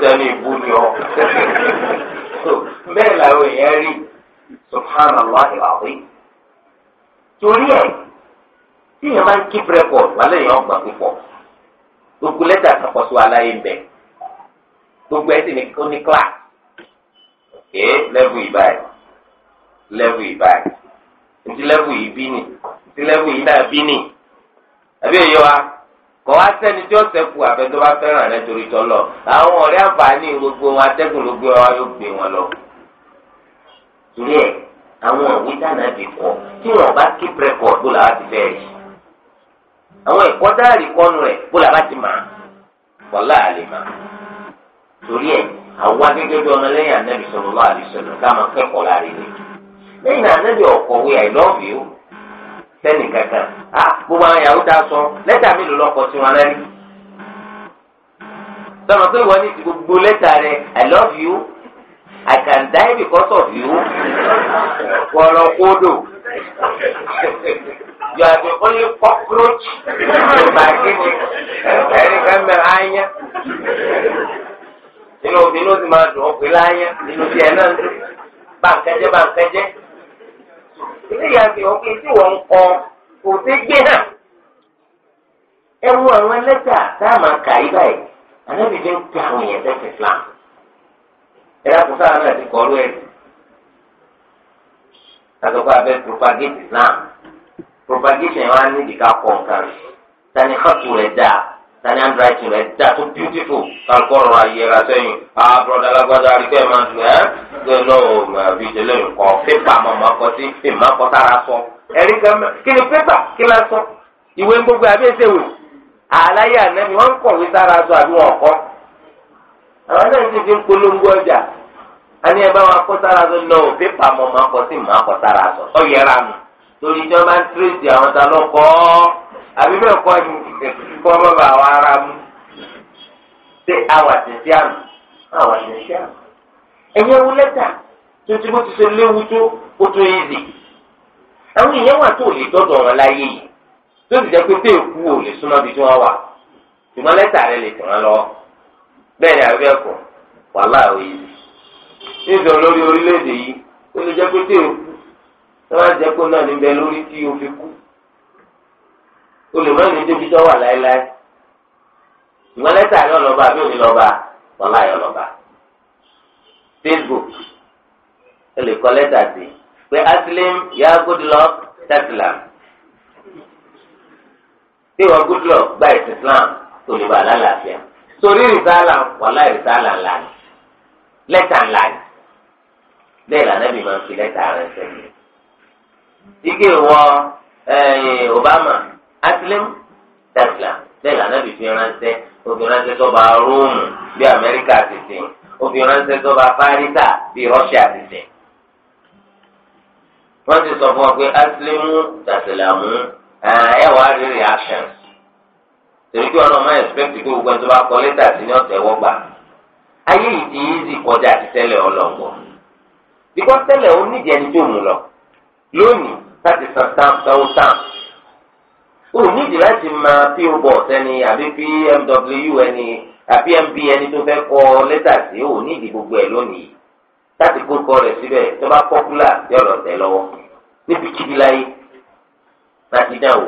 sẹ́nu ìbú ni ọ. bẹ́ẹ̀ làwọn èèyàn rí subhanallah ìwàwí. torí ẹ̀ tí èèyàn máa ń keep record wàlẹ́ èèyàn gbà púpọ̀ gbogbo lẹ́tà àkàkọ́sọ aláyé ń bẹ̀ gbogbo ẹ̀ sì ní ó ní class ké lẹ́bù ìbáyìí lẹ́bù ìbáyìí ntí lẹ́bù yìí bí ni ntí lẹ́bù yìí náà bí ni àbí èyí wa kọ́ wá sẹ́ni tí ó sẹ́kù àfẹ́tọ́ bá fẹ́ràn rẹ torí tọ́lọ̀ àwọn ọ̀rẹ́ àǹfààní gbogbo wọn atẹ́gùn ló gbé wa yóò gbé wọn lọ. torí ẹ àwọn òwe dáná ti kọ tí wọn bá keep record bó làwọn ti fẹ́ rí àwọn ẹ̀kọ́ dáàrí kọ́nu rẹ̀ bó làwọn ti mà wọ́lá àlè mà torí ẹ àwọn akẹ́kẹ́ bí ọmọlẹ́yìn ànábì sallallahu alaihi wasallam ká máa kẹ́kọ̀ọ́ láàrin lẹ́yìn ànábì ọ̀kọ̀wé i love you sẹ́nì kankan ah gbogbo àwọn yahoo ta sọ lẹ́tà mi lò lọ́kọ̀ tí wọ́n rẹ́ sọ̀rọ̀ pé wọ́n ní ti gbogbo lẹ́tà rẹ̀ i love you i can die because of you kọ̀ọ̀rọ̀ kódò you are the only cockroach in my ẹni kan mẹ́rin ányá inú inú ti máa dùn ọ́ láyá inú ti ẹ̀ náà ń dùn bàǹkẹ́jẹ́ bàǹkẹ́jẹ́ ilé ìyá fi tí wọ́n ń kọ́ kò sí gbé hàn ẹ wo àwọn lẹ́tà tá a máa kà yí báyìí ànábì fi ń pe àwọn èèyàn tẹ̀sí Islam ẹ dákun sáà náà ti kọ́ ọ́rọ́ ẹ̀ àtọ́kọ́ abẹ́ propagate Islam propagation wa ní ìdíkà pọ̀ nǹkan tani kọ́tù rẹ̀ dáa tani handwriting rẹ̀ dáa tó beautiful kankọ́rọ̀ ayẹra sẹ́yìn ah broda alágbádá arígbẹ́ máa dùn ẹ́ gbẹ́ náà bíi ìdílé nǹkan fífà mọ̀ máa kọ́ sí fífà máa kọ́ sára sọ. ẹ̀rí kan mẹ́ kí ni pépà kí la sọ ìwé gbogbo àbí ẹsẹ̀ wò àlàyé ànẹ́bí wọ́n kọ̀wé sára sọ àbí wọn kọ́ àwọn náà ti fi ń polongo ọjà àní ẹ sára sọ náà ò pépà mọ̀ máa kọ́ sọ ọ torí máa ń tírèsì àwọn ta lọ kọ́ àbí bẹ́ẹ̀ kọ́ ni kọ́ bá bá àwọn ará mu ṣé àwọn àtẹ̀sí àmì àwọn àtẹ̀sí àwọn èèyàn wà tó lè dọ́dọ̀ wọn láyé yìí tó ti jẹ́ pé tó èkú ò lè súnmọ́ bí tí wọ́n wà ṣùgbọ́n lẹ́tà rẹ lè tàn án lọ bẹ́ẹ̀ ni àbẹ́ ẹ̀kọ́ wàhálà òye níbi olórí orílẹ̀-èdè yìí ó lè jẹ́ pé tó èkú tó máa jẹ́ pé náà níbẹ̀ lórí tí o fi kú olùmọ́ni débi tó wà láéláé ìwọ́n lẹ́tà rẹ ọlọ́ba àbí òní lọ́ba wàhálà yọ lọ́ba Facebook ẹ lè kọ́ lẹ́tà sí i pé asilim ya goodluck tẹsilam tí wọn goodluck gba ẹsìn islam tó lè bá alálàáfíà torí rìsálà wàlá rìsálà ńlá ni lẹ́tà ńlá ni bẹ́ẹ̀ lànàbì máa ń fi lẹ́tà rẹ̀ sẹ́yìn. ike wọ eh, Obama asilim tẹsilam bẹ́ẹ̀ lànàbì fi ránṣẹ́ obìnrin ránṣẹ́ tó bá Róòmù bí Amẹ́ríkà ti sìn obìnrin ránṣẹ́ tó bá Fáríkà bí Rọ́ṣíà ti sìn wọ́n ti sọ fún ọ pé asilimu tàṣìlámù ẹ wàá rí reactions torí kí ọlọ́mọ expect pé gbogbo ẹni tó bá kọ lẹ́tà sí ní ọ̀tẹ̀ wọ́n gbà ayé yìí easy kọjá àti tẹ́lẹ̀ ọlọ́ngbọ̀n bíkọ́ tẹ́lẹ̀ ó nídìí ẹni tó mú lọ lónìí láti san stamp sanwó stamp ó nídìí láti máa po box ẹni àbí pmw ẹni àbí mb ẹni tó fẹ́ kọ lẹ́tà sí ó nídìí gbogbo ẹ̀ lónìí láti kókó rẹ̀ síbẹ̀ tó bá pọ́pùlà yọ lọ tẹ̀ lọ́wọ́ níbi kíbi láyé láti dá o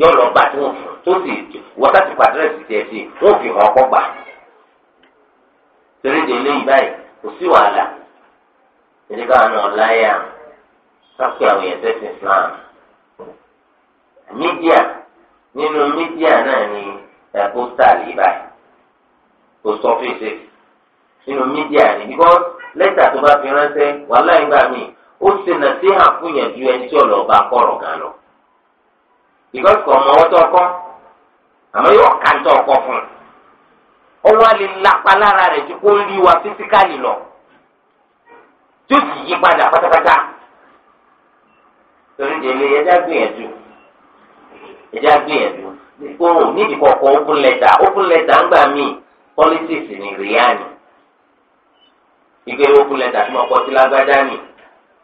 yọ lọ gbà tó tó sì wọ́n láti pàdírẹ́sì tiẹ̀ sí wọ́n fi hàn ọkọ̀ gbà torí de eléyìí báyìí kò sí wàhálà èdè káwọn náà láyà kápẹ́ àwọn èèyàn tẹ́sí Islam mídíà nínú mídíà náà ni pósítà lè báyìí post office nínú mídíà ni because lẹ́tà tó bá fi ránṣẹ́ wàhálà ìgbà míì ó ṣe nà sí àfúnyàn ju ẹni tí ọ̀lọ́ bá kọ̀rọ̀ gan lọ. because kò mọ ọwọ́ tó ọkọ́ àmọ́ yóò kà ń tọ́ ọkọ fún un. ọwọ́ á lápá lára rẹ̀ ń rí wa fisikali lọ tí ó sì yí padà pátápátá. torí délé ẹja gbìyànjú gbìyànjú kọ̀ọ̀kan open letter open letter ń gbà politics ike lókun lẹ tàbí ọkọ tí lágbájá nì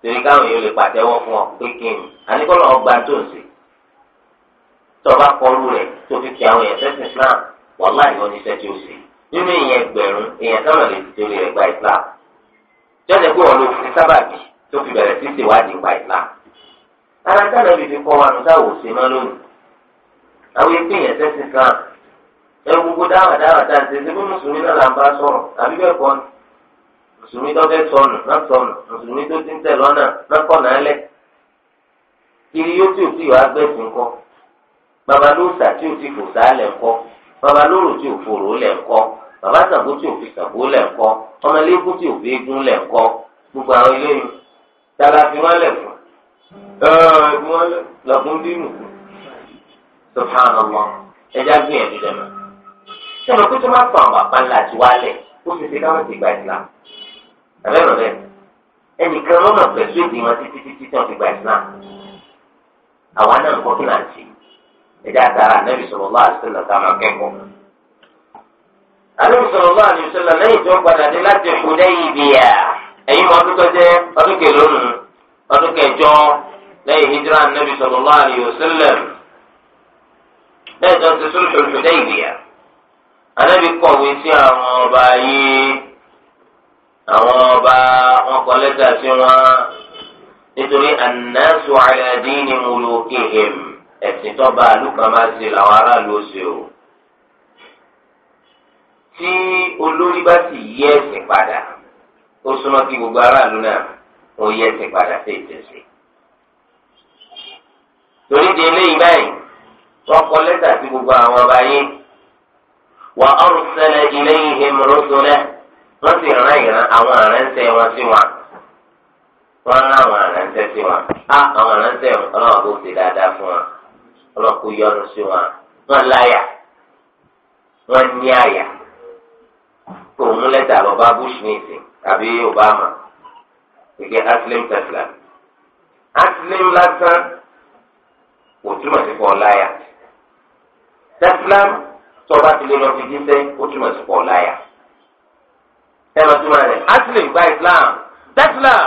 torí káwọn èèyàn lè pàtẹ́wọ́ fún ọ pé kí ni àníkọ́lọ́ ọgbà tó ń sè tọba kọlu rẹ tó fi fi àwọn èèyàn sẹ́sìn Islam wàhálà ìwọ ní sẹ́tì òsè nínú èèyàn ẹgbẹ̀rún èèyàn sábà lè ti torí rẹ̀ gba Islam jọ́dẹ̀ pé wọ́n ló fi sábàbí tó fi bẹ̀rẹ̀ sí ṣèwádìí gba Islam ara dáná bíi fi kọ́ wa nù táwọn òsè mọ́ lónìí àwọn èèyàn pé èèyàn sẹ́sìn Islam ẹ̀rù gbogbo dáwà dáwà dáǹtẹ̀ ṣe bí mùsùlùmí náà là ń bá sọ̀rọ̀ àbí bẹ́ẹ̀ kọ́ ni mùsùlùmí tó fẹ́ sọnù má sọnù mùsùlùmí tó ti ń tẹ̀ lọ́nà má kọ̀nà alẹ́ kiri yóò tí ò tí wàá gbẹ̀sìn kọ́ bàbá ló sà tí ò tí kò sá lẹ̀ kọ́ bàbá lóró tí ò fòrò lẹ̀ kọ́ bàbá sàbó tí ò fi sàbó lẹ̀ kọ́ ọmọ eléégún tí ò fi eégún lẹ̀ kọ́ gbogbo àwọn eléyìí tara fi wọ́n lẹ̀ fún ẹ̀ẹ́dì wọ́n lọ́kùn dínú subhanallah ẹja gbìyànjú dẹ̀ mọ́ sọ̀rọ̀ pé tó máa fọ àwọn bàbá ńlá àti wálẹ̀ ó sì ṣe káwọn abẹ́rẹ́ bẹ́ẹ̀ ẹnìkan lọ́nà pẹ̀lú èdè wọn títí títí tí wọ́n fi gba àwọn náà ń kọ́ kí náà ẹ̀dá àtàrà sọ̀rọ̀ lọ́wọ́ àṣìṣẹ́lẹ̀ sọ̀rọ̀ lọ́wọ́ àṣìṣẹ́lẹ̀ lẹ́yìn padà dé láti ẹ̀yìn tó jẹ́ ọdún ọdún kẹjọ lẹ́yìn sọ̀rọ̀ lọ́wọ́ àṣìṣẹ́lẹ̀ lẹ́yìn tó ti sọ̀rọ̀ àwọn ọba wọn kọ lẹ́tà sí wọn nítorí annasu ala dini mulukihim ẹ̀sìn tọ́ba àlùkàmá sí làwọn aráàlú ó ṣe o tí olórí bá sì yí ẹ̀sìn padà ó súnmọ́ kí gbogbo aráàlú náà ó yí ẹ̀sìn padà sí ìtẹ̀sí. torí di eléyìí báyìí wọ́n kọ lẹ́tà sí gbogbo àwọn ọba yìí wa arsala ilayhim rusulahu wọ́n sì rán ìran àwọn àrẹ́ńtẹ́ wọn sí wọn wọ́n rán àwọn àrẹ́ńtẹ́ sí wọn á àwọn àrẹ́ńtẹ́ ọlọ́wọ́ kò ṣe dáadáa fún wọn ọlọ́wọ́ kò yọ́nú sí wọn wọ́n láyà wọ́n ní àyà kò mú lẹ́tà bàbá bush nìsín àbí obama gẹ́gẹ́ aslim tesla aslim lásán kò túmọ̀ sí fọ́ láyà tesla tọ́ba ti lé lọ fi jíṣẹ́ kò túmọ̀ sí fọ́ láyà ẹnu tó máa rẹ̀ aslim gba islam daslam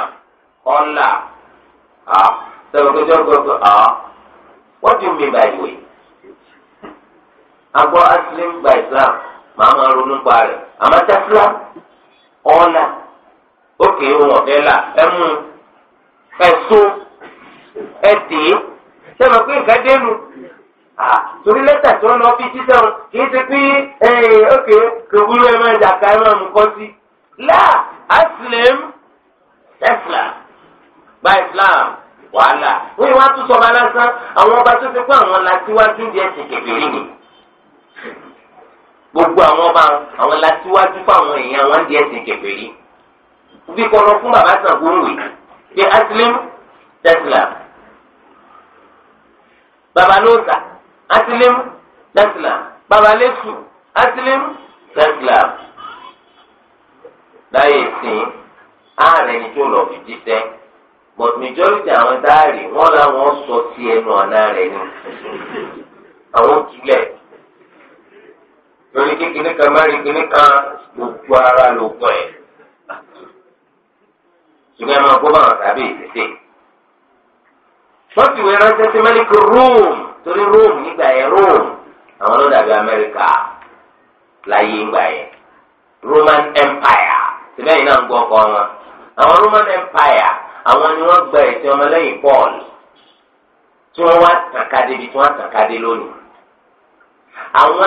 ọ̀la ah sọ̀rọ̀ kejì ọgọ́gọ́ ah what do you mean by the way agbọ́ aslim gba islam màá máa ronú pa rẹ̀ àmọ́ daslam ọ̀la òkè ohun ọ̀fẹ́ là ẹ̀mú ẹ̀sùn ẹ̀dẹ́ sẹ́wọ̀n pé nǹkan dénú torí lẹ́tà tí wọ́n lọ fi títẹ̀ wọn kì í ṣe pé ókè kò wúlò ẹ̀ máa jà ká ẹ̀ máa mú kọ́ sí la aslim islam gba islam wàhálà wọ́n wá tún sọba lásán àwọn ọba tó ti pé àwọn làtíwájú di ẹsẹ̀ kékeré ni gbogbo àwọn ọba àwọn làtíwájú fáwọn èèyàn wọn di ẹsẹ̀ kékeré bí kọlọ fún bàbá sàn gbóhùn pé aslim islam bàbá lóòsà aslim islam Tesla, lẹ́sù aslim islam. láyé ìsìn ààrẹ ni tó lọ fìdí sẹ but majority àwọn dáàrí wọn làwọn sọ sí ẹnu ọ̀nà rẹ ni àwọn túlẹ̀ lórí kékeré kan mẹ́rin kékeré kan gbogbo ara ló ẹ̀ ṣùgbọ́n ẹ máa gbọ́ bá wọn tàbí ìdíje wọ́n ti wé ránṣẹ́ sí mẹ́ríkì róòmù torí róòmù nígbà yẹn Roman Empire. síbẹ̀ yìí náà ń gbọ́ ọkọ wọn àwọn Roman Empire àwọn ni wọ́n gba ẹ̀sìn ọmọlẹ́yìn Paul tí wọ́n wá tàn ká tí wọ́n tàn lónìí àwọn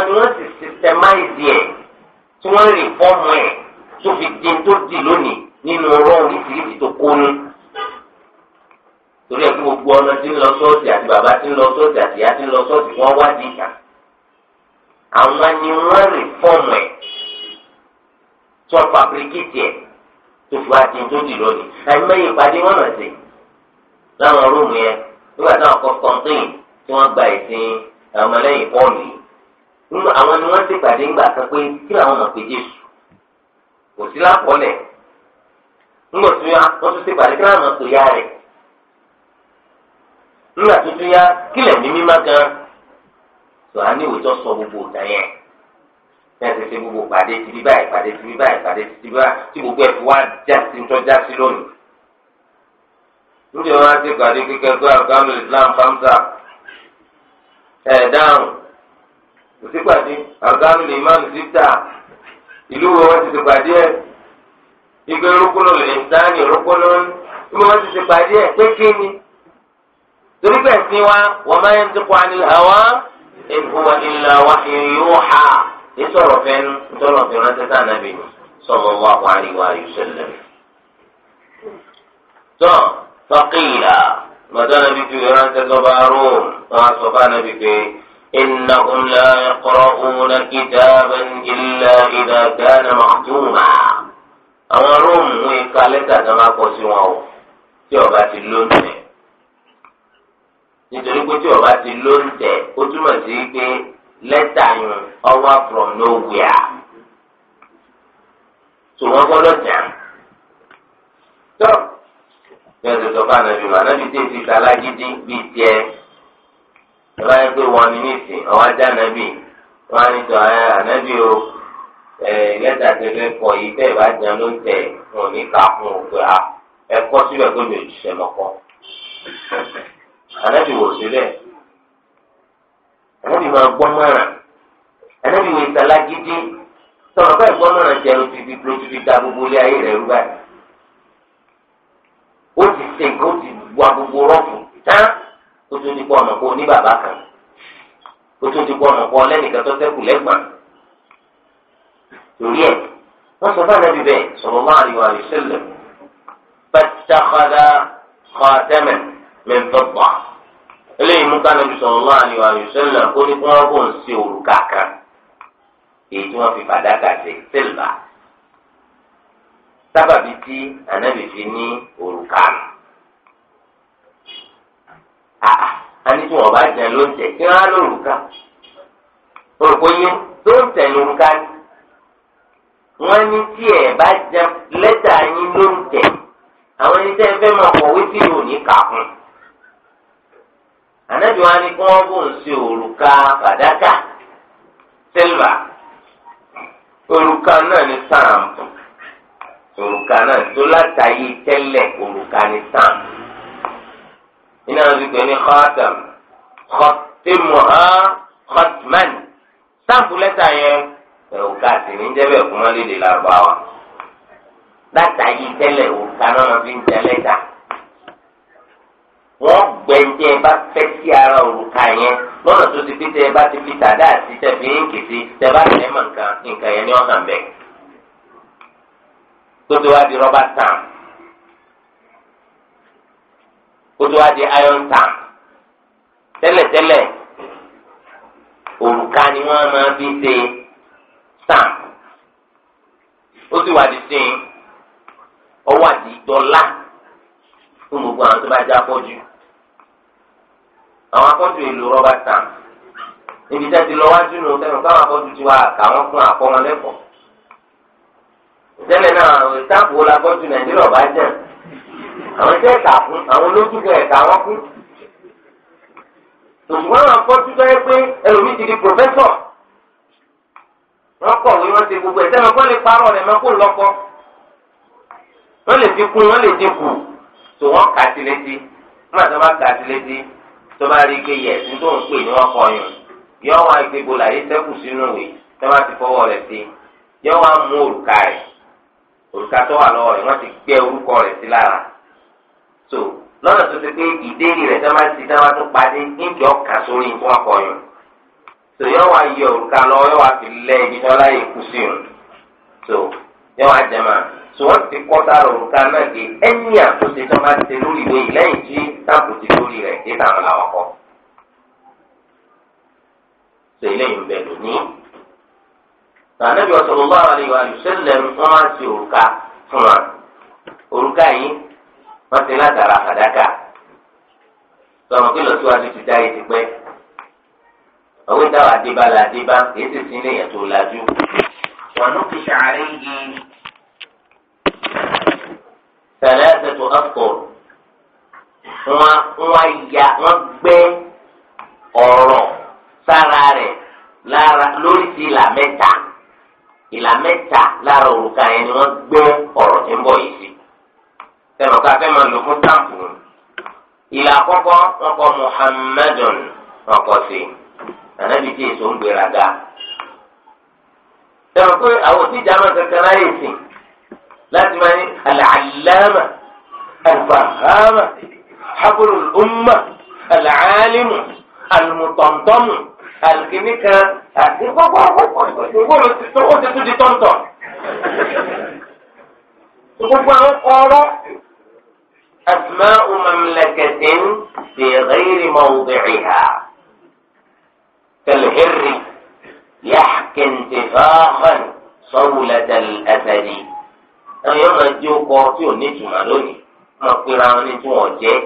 ni di tó di lónìí nínú oríṣiríṣi tó kónú torí kí gbogbo ọmọ ń lọ sọ́ọ̀sì àti bàbá ń lọ sọ́ọ̀sì àti ìyá tí wọ́n fabricate ẹ̀ tó fi wá di tó dì lónìí àìmọye ìpàdé wọn mọ̀ sí láwọn rúùmù yẹn nígbà gba ìsìn yìí àwọn ni ti pàdé ńgbà kan pé kí làwọn mọ̀ pé Jésù kò sí lápọ̀lẹ̀ ńgbà tó yá tún ti pàdé kí làwọn mọ̀ pé yá rẹ̀ gbogbo yẹn. tẹ́sí ṣe gbogbo pàdé ti bí báyìí pàdé ti bí báyìí pàdé ti bí báyìí tí gbogbo ẹ̀fọ́ wa já sí ń tọ́já sí lónìí. lórí wọn á ti pàdé kíkẹ́ gbọ́ àgbàmù Islam famsa ẹ̀ dáhùn kò sí pàdé àgbàmù Imam zita ìlú wo wọn ti ti pàdé ẹ̀ ìgbẹ́ rúkúnù lè sáni rúkúnù ìgbẹ́ wọn ti ti pàdé ẹ̀ pé kí ni. torí pẹ̀sìn wa wọ́n máa ń ti kọ́ ànil hawa in huwa illa wahyu yuha ìtọ̀rọ̀ fẹ́nu ìtọ̀rọ̀ fẹ́nu ránṣẹ́ sáà nàbì ni sallallahu alaihi wa sallam. tọ́ faqila gbàdá nàbí fi ránṣẹ́ lọ́ba rome wọn sọ fún nàbí pé innahum la yaqra'una kitaban illa idha kana maktuma. àwọn rome mú ika lẹ́tà tó máa kọ sí wọn o tí ọba ti lóńtẹ̀ nítorí pé tí ọba ti lóńtẹ̀ ó túmọ̀ sí pé lẹ́tà yẹn ọwọ́ from nowhere tó wọ́n gbọ́dọ̀ jàn. tó yẹn tó sọ fún anabi mọ anabi tí èsì sàlágídí bíi tiẹ̀ ẹ bá yẹ pé wọn ní nìsín ọwọ́ ajá anabi wọn á ní sọ ẹ anabi o lẹ́tà tẹ̀lé kọ yìí bẹ́ẹ̀ bá jẹun ló ń tẹ̀ wọn ní ká fún un pé a ẹ kọ́ síbẹ̀ pé mi ò jíṣẹ́ mọ́kọ́ wò síbẹ̀ ànábì máa gbọ́ mọ́ràn ànábì wò ìsàlá gidi sọ̀rọ̀ bá ìgbọ́ mọ́ràn jẹ́ ló ti fi ló ti fi da gbogbo ilé ayé rẹ̀ rú báyìí. ó ti ṣe nǹkan ó ti wá gbogbo rọ́ọ̀fù tán ó tún ti kọ́ ọmọ kó ní bàbá kan ó tún ti kọ́ ọmọ kó ọlẹ́nìkan tó tẹ́kù lẹ́gbàá. torí ẹ̀ wọ́n sọ fún ànábì bẹ́ẹ̀ sọ̀rọ̀ máa rí wa eléyìí mú kánú ju sọ̀rọ̀ àlè wa yóò sẹ́lẹ̀ kó ní kí wọ́n bò ń ṣe òrùka kan èyí tí wọ́n fi fàdákà ṣe sílva sábàbí tí ànábì fi ní òrùka nù. àà a ní tí wọ́n bá jẹ ló ń tẹ̀ kí wọ́n á lò òrùka òrùkọ yín tó ń tẹ̀ ní òrùka wọ́n ní tí ẹ̀ bá jẹ lẹ́tà yín ló ń tẹ̀ àwọn ẹni tẹ́ fẹ́ máa kọ̀wé sí ìròyìn kà fún un ànábì wa ni kí wọ́n bùn sí òrùka fàdákà sílvà òrùka náà ní sáàmù òrùka náà tó látàyè tẹ́lẹ̀ òrùka ní sáàmù iná ló ti pè ní khatam khatimuha khatman sáàmù lẹ́tà yẹn òrùka sì ní jẹ́ bẹ́ẹ̀ kúmọ́lédè làbáwa látàyè tẹ́lẹ̀ òrùka náà fi ń tẹ́lẹ̀ dáa. wọ́n gbẹ̀ǹtẹ̀ ẹ bá fẹ́ sí ara òrùka yẹn lọ́nà tó ti fi tẹ ẹ bá ti fi tàdá àti tẹ fi ń kìsí tẹ bá tẹ nǹkan nǹkan yẹn ní kótó di tàn kótó di tàn ni wọ́n máa fi ṣe tàn ó sì di sí àti fún àwọn akọ́jú ìlú rọ́bà tàn níbi tẹ́ ti lọ wájú nù sẹ́nu káwọn akọ́jú ti wá àká wọn fún àkọ́wọn lẹ́kọ̀ọ́ tẹ́lẹ̀ náà ìtàkùn wo la gbọ́jú nàìjíríà ọba jẹ́ àwọn iṣẹ́ ẹ̀ka fún àwọn olójúkẹ́ ẹ̀ka wọn fún òṣùwọ́n àwọn akọ́jú tó yẹ pé ẹlòmíì ti di pòfẹ́sọ̀ wọ́n kọ̀wé wọ́n ti gbogbo ẹ̀ sẹ́nu kọ́ lè parọ́ rẹ̀ mọ́kò lọ́kọ́ wọ́n lè dínkù wọ́n lè dínkù tó wọ́n kà sí létí wọ́n àti wọ́n kà tó bá rí ike yẹ ní tó ń pè ní wọn kọ yùn yọ wọn ìgbébo làyè sẹ́kù sínú ìwé tó bá ti fọwọ́ rẹ̀ sí yọ wọn mú òrùka rẹ̀ òrùka tó wà lọ́wọ́ rẹ̀ wọ́n ti gbé orúkọ rẹ̀ sí lára so lọ́nà tó ti pé ìdérí rẹ̀ tó bá ti dá wọn tó padì níbi ọkà sórí ní wọn kọ yùn so yọ wọn yọ òrùka lọ yọ wọn fi lẹ ibi tó láyè kù sí yùn so yọ wọn jẹ máa so wọn ti kọ́ sára òrùka náà di ẹni àtúnṣe tó máa ṣe lórí ìwé yìí lẹ́yìn tí táàpù ti lórí rẹ̀ dé táwọn làwọn kọ́. ṣe eléyìí ń bẹ lónìí. sànẹ́bí sallallahu alaihi wa sallam wọ́n máa ṣe òrùka fún wa. òrùka yìí wọ́n ti látara fàdákà. sọ̀rọ̀ kí lọ́síwájú ti dá yìí ti pẹ́. àwọn ìdáwà adébá la adébá kì í sì sí ilé yẹn tó lajú. wọ́n ló fi ṣàárẹ̀ yìí ثلاثة أبطر wọ́n ya wọ́n gbẹ́ ọ̀rọ̀ sára rẹ̀ lára lórí ti ìlà mẹ́ta ìlà mẹ́ta lára òrùka yẹn ni wọ́n gbẹ́ ọ̀rọ̀ tí ń bọ̀ yìí sí. sẹ́nu ká fẹ́ máa Muhammadun لازم إيه؟ العلامة الفهامة حبل الأمة العالم المطمطم الكيميكا تقول تقول أسماء مملكة في غير موضعها كالهر يحكي انتفاخا صولة الأسد ẹ̀yin ọmọ ẹ̀jẹ̀ ọkọ tí ò ní ìtumọ̀ lónìí máa pera wọn ní tí wọ́n jẹ́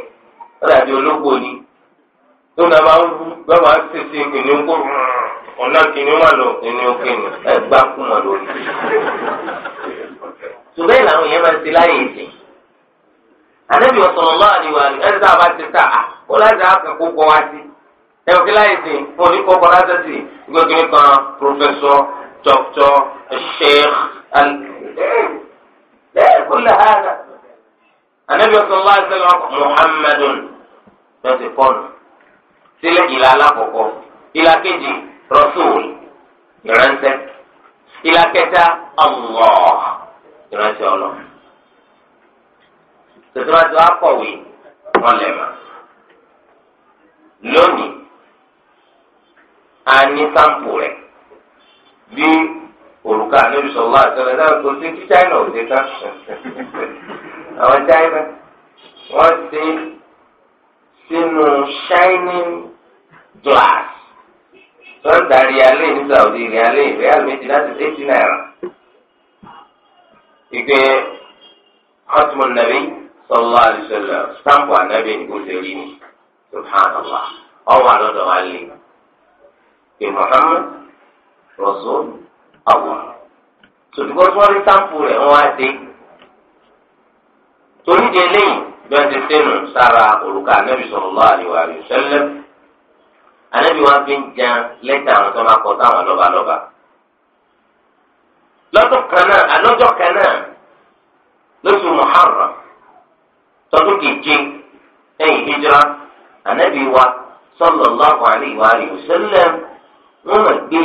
ó dàbí ológbò ni tó náà máa ń wú bẹ́ẹ̀ máa ń tètè kìnìún kó ọ̀nà kìnìún wà lọ kìnìún kìnìún ẹ̀ gbá kú mọ̀ lórí. ṣùgbọ́n ìlànà yẹn máa ń ti láyé ìsìn anabi ọsọlọlọ àdìwà ni ẹ sábà ti ta à ó láti àkàn kókó wá sí ẹ òkè láyé sí fún oníkókó láti sí gbẹgbẹ kan pòfẹsọ لا كل هذا النبي صلى الله عليه وسلم محمد يصفون sílẹ̀ ìlà alákọ̀ọ́kọ́ ìlà kejì rasul ìránṣẹ́ ìlà kẹta Allah ìránṣẹ́ ọlọ́ tòtòmátò akọ̀wé wọn lẹ̀ mọ́ lónìí a ní sáǹpù rẹ̀ bí òrùka ànábì sọ̀rọ̀ àtọ́lẹ̀ náà kò sí kí China ò dé ká àwọn China wọ́n ti sínú shining glass sọ́ńdà rialé ní Saudi rialé rial méjì láti eighty naira ìgbé ọtúmọ nàbí sọlọ àdìsọlọ stamp ànábì ìgbòsèrè ni subhanallah ọwọ àlọdọ wa lè pé Muhammad rasul. àwọ̀ tòlùkọ́ tí wọ́n rí sáǹpù rẹ̀ wọ́n á dé torí di eléyìí bí ti sẹ́nu sára òrùka anábì sallallahu alaihi wa sallam anábì wọn fi ń jan lẹ́tà àwọn tó máa kọ sáwọn tọdún keje ẹ̀yìn hijira anábì wa sallallahu alaihi wa sallam wọ́n máa gbé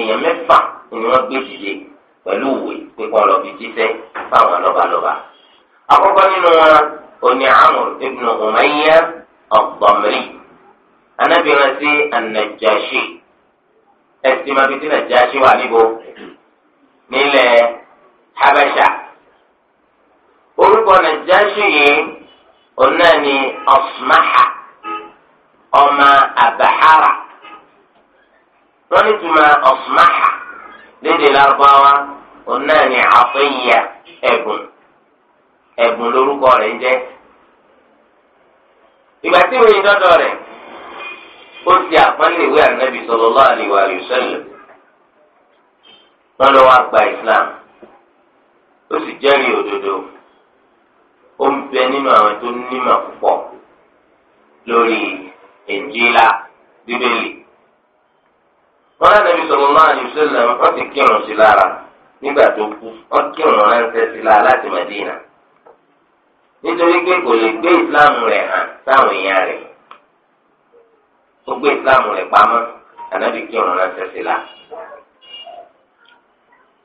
èèyàn mẹ́fà ni wọ́n gbé dìde pẹ̀lú ìwé pé lọ fi jíṣẹ́ fáwọn lọ́balọ́ba. akọ́kọ́ nínú wọn òní Amr ibn Umayya ad anábìrin sí an-Najashi máa fi sí Najashi wà níbo Habasha. orúkọ yìí wọ́n ní tuma ọ̀fùmáhà lédè lárúbáwá òun náà ní àfẹ́yà ẹ̀bùn ẹ̀bùn lórúkọ rẹ̀ ń jẹ́. ìgbà tí ìwé ìdọ́dọ̀ rẹ̀ ó ti àpọ́nlé ìwé ànábì sallallahu alaihi wa gba islam ó sì jẹ́rìí òdodo ó ń bẹ nínú àwọn tó nímọ̀ púpọ̀ lórí bíbélì. wọn náà nàbí sọ̀rọ̀ náà ní sẹ́lẹ̀ wọ́n ti kírun sí lára nígbà tó kú wọ́n kírun ránṣẹ́ sí lára láti Mẹ́dínà nítorí pé kò lè gbé ìsìláàmù rẹ̀ hàn sáwọn èèyàn rẹ̀ ó gbé ìsìláàmù rẹ̀ pamọ́ ànábì kírun ránṣẹ́ sí lára.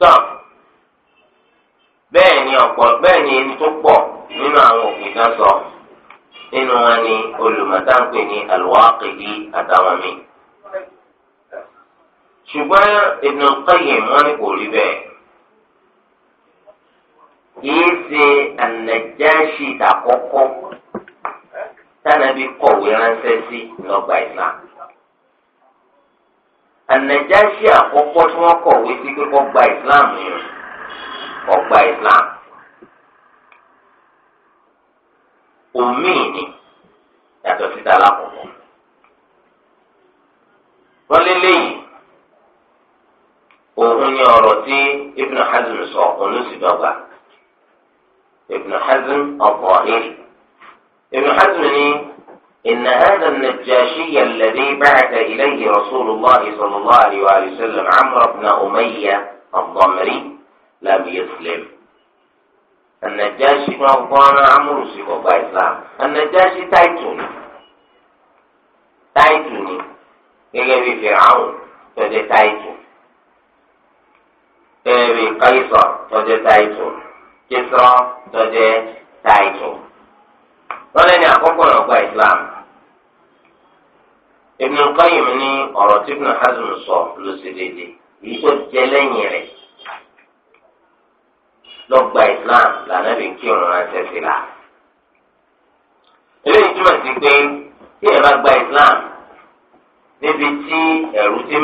tán bẹ́ẹ̀ ni ọ̀pọ̀ bẹ́ẹ̀ ni ẹni tó pọ̀ nínú àwọn òfin kan sọ nínú wọn ni olùmọ̀tàǹpẹ̀ ní àlùwákìlì àtàwọn míì ṣùgbọ́n Ibn al-Qayyim wọn ni kò rí bẹ́ẹ̀ kìí ṣe An-Najashi ìdàkọ́kọ́ tánàbí kọ̀wé ránṣẹ́ sí lọ́gbà ìlà. An-Najashi àkọ́kọ́ tí wọ́n kọ̀wé sí pé kọ́ gba Islam yìí kọ́ gba Islam. Òmíì ni yàtọ̀ síta lákòókò. Wọ́n lé léyìí. وهنا رتي ابن حزم Ibn بابا ابن حزم الظاهر ابن حزم إن هذا النجاشي الذي بعث إليه رسول الله صلى الله عليه وسلم عمرو بن أمية الضمري لم يسلم النجاشي ما كان عمرو سيكون إسلام النجاشي تايتون تايتوني يجي في فرعون فده ẹ̀rì káyísọ̀ tọ́jẹ́ táìtò kísọ̀ tọ́jẹ́ táìtò. wọ́n lẹ́ni àkọ́kọ́ náà gba islam. Ibn ní tí Ibn Hazm sọ tó islam sí pé ẹ gba islam níbi tí ti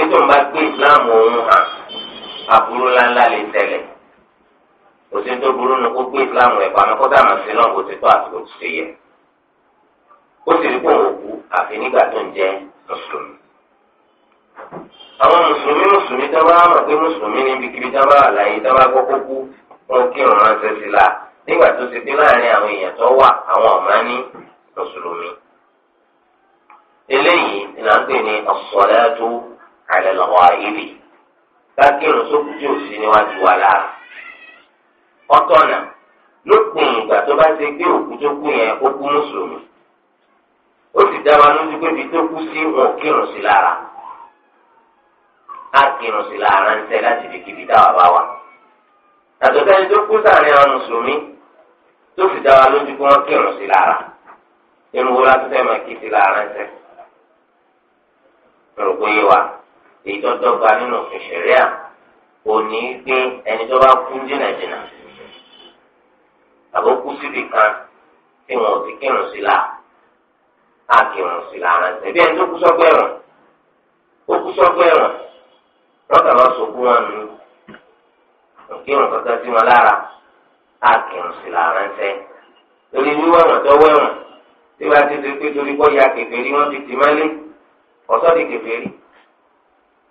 títí wọn bá gbé islam òun hàn aburú ńláńlá lè tẹ̀lé òsì tó burú nu kó gbé islam rẹ̀ pamọ́ kó dàmà sí náà kó ti tó àti kó ti ṣe yẹ ó sì rí pé òun kú àfi nígbà tó ń jẹ mùsùlùmí àwọn mùsùlùmí mùsùlùmí tó bá mọ̀ pé mùsùlùmí níbi kíbi tó bá wà láyé tó bá gbọ́ kó kú wọn kí òun ránṣẹ́ sí la nígbà tó ti dé láàrin àwọn èèyàn tó wà àwọn ọ̀mọ́ ní mùsùlùmí eléyìí ni à ń pè ní as-salatu àlẹ́ lọ́wọ́ ìbí kákìrún sókùn tí ò sí níwájú wa lára ọtọ́nà lópin ìgbà tó bá ṣe gbé òkú tó kú yẹn ó kú mùsùlùmí ó sì dá wa lójú pé ibi tó kú sí wọn ò kírun sí lára á kírun sí lára ń tẹ́ láti fi kíbi táwa bá wà yàtọ̀ sẹ́ni tó kú sáàrin àwọn mùsùlùmí tó sì dá wa lójú pé wọ́n kírun sí lára irun wo la tó fẹ́ máa kí sí lára ń tẹ́ rò wa èyí tó dọ́gba nínú òfin ṣẹ̀ríà kò ní í pé ẹni tó bá kú jìnnàjìnnà àbó kú síbì kan tí wọn ò ti kírun sí la á kírun sí la rántí bí ẹni tó kú sọ́gbà ẹ̀wọ̀n ó kú sọ́gbà ẹ̀wọ̀n wọ́n kà bá sọ̀kú wọn nù kírun kankan sí wọn lára á kírun sí la rántí torí wíwọ́n wọn tó wẹ̀wọ̀n tí wọ́n ti ti pé torí kọ́ ya kẹfẹ́ rí ti tì mọ́lé ọ̀sọ́ di kẹfẹ́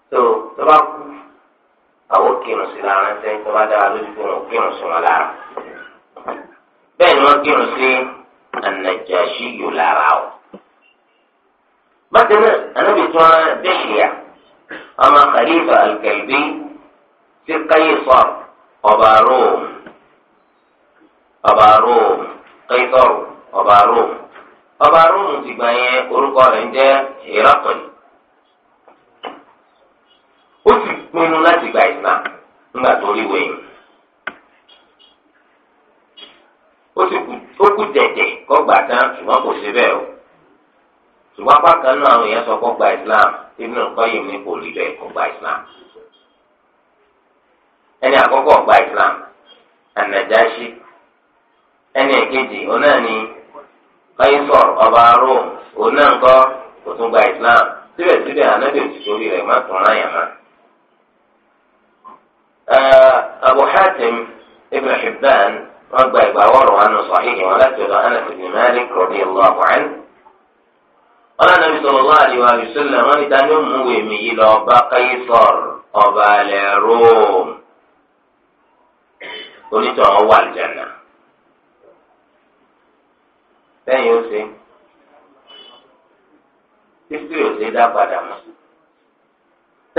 tó tó bá kú àwọn kírun sí lára ṣe tó bá dára lójú fún wọn kírun sí wọn lára bẹ́ẹ̀ ni wọ́n kírun sí ànàjàṣí yòó lára o. bákan náà anábì tí wọ́n bẹ́ẹ̀yà ọmọ khalifa alkalbi ti kaisar ọba rome ọba rome kaisar ọba rome ọba rome ti gbà orúkọ rẹ̀ ń jẹ́ ìrọ́pẹ̀lì. ó sì pinnu láti gba ìsìlá nígbà tó rí wẹ̀yìn. ó sì kú kọ́ gbà o ṣùgbọ́n apá kan náà àwọn èèyàn sọ gba ìsìlám Ibn al-Qayyim ní kò rí bẹ́ẹ̀ gba ìsìlám. ẹni àkọ́kọ́ gba ìsìlám An-Najashi ẹni èkejì ọ̀nà ni Qaisar ọba Rome ọ̀nà ńkọ́ kò tún gba ìsìlám síbẹ̀síbẹ̀ anábìyèsí torí rẹ̀ má tún abu hatim ibn hibban wọn gba ìgbà wọrọ wọn nù sọhíhì wọn láti ọdọ anas ibn malik radiyallahu anhu wọn àná bí sọlọ lọ́wọ́ àdìwọ̀ àbísọ́lẹ̀ wọn níta ní mú wèmí yìí lọ bá kaisar ọba alẹ́ rome onítọ̀ wọn wà lìjànà sẹ́yìn ó ṣe history ó ṣe dá padà mọ́.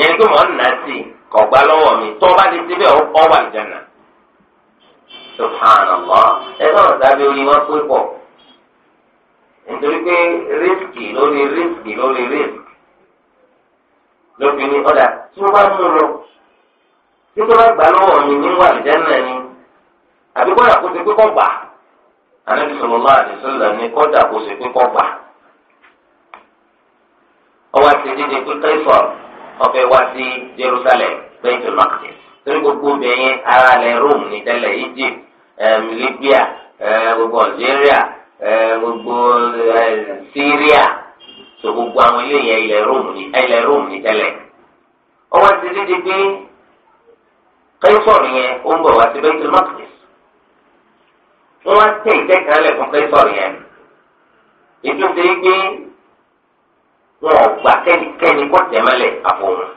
yẹn pé mọ̀ ń nà sí kọ̀gbá lọ́wọ́ mi tó bá ti síbẹ̀ ọ wà ìjànà. subhanallah ẹ náà dábẹ́ orí wọn pé pọ̀ nítorí pé rísìkì lórí rísìkì lórí rísìkì lóbìnrin ọ̀dà tí wọ́n bá mú lọ tí wọ́n bá gbà lọ́wọ́ mi ní wà ìjànà ni àbí kọ́ dà kó ṣe pé kọ́ gbà ànábi sallallahu alaihi wasallam ni kọ́ dà kó ṣe pé kọ́ gbà ọwọ́ àti dídì pé kẹ́sọ̀rọ̀ ọ̀fẹ́ wá sí Jerusalem Baitul Maqdis torí gbogbo bẹ̀yẹn ara lẹ̀ Rome ní tẹ́lẹ̀ Egypt Libya gbogbo Algeria gbogbo Syria tó gbogbo àwọn eléyìí ilẹ̀ Rome ní ilẹ̀ Rome ní tẹ́lẹ̀ ọwọ́ ti dídí pé kẹ́sọ̀rù yẹn ó ń bọ̀ wá sí Baitul Maqdis wọ́n wá tẹ̀ fún kẹ́sọ̀rù yẹn ètò ìtẹ́ wọn ò gba kẹ́nikẹ́ni kó tẹ̀ àfọ̀hún.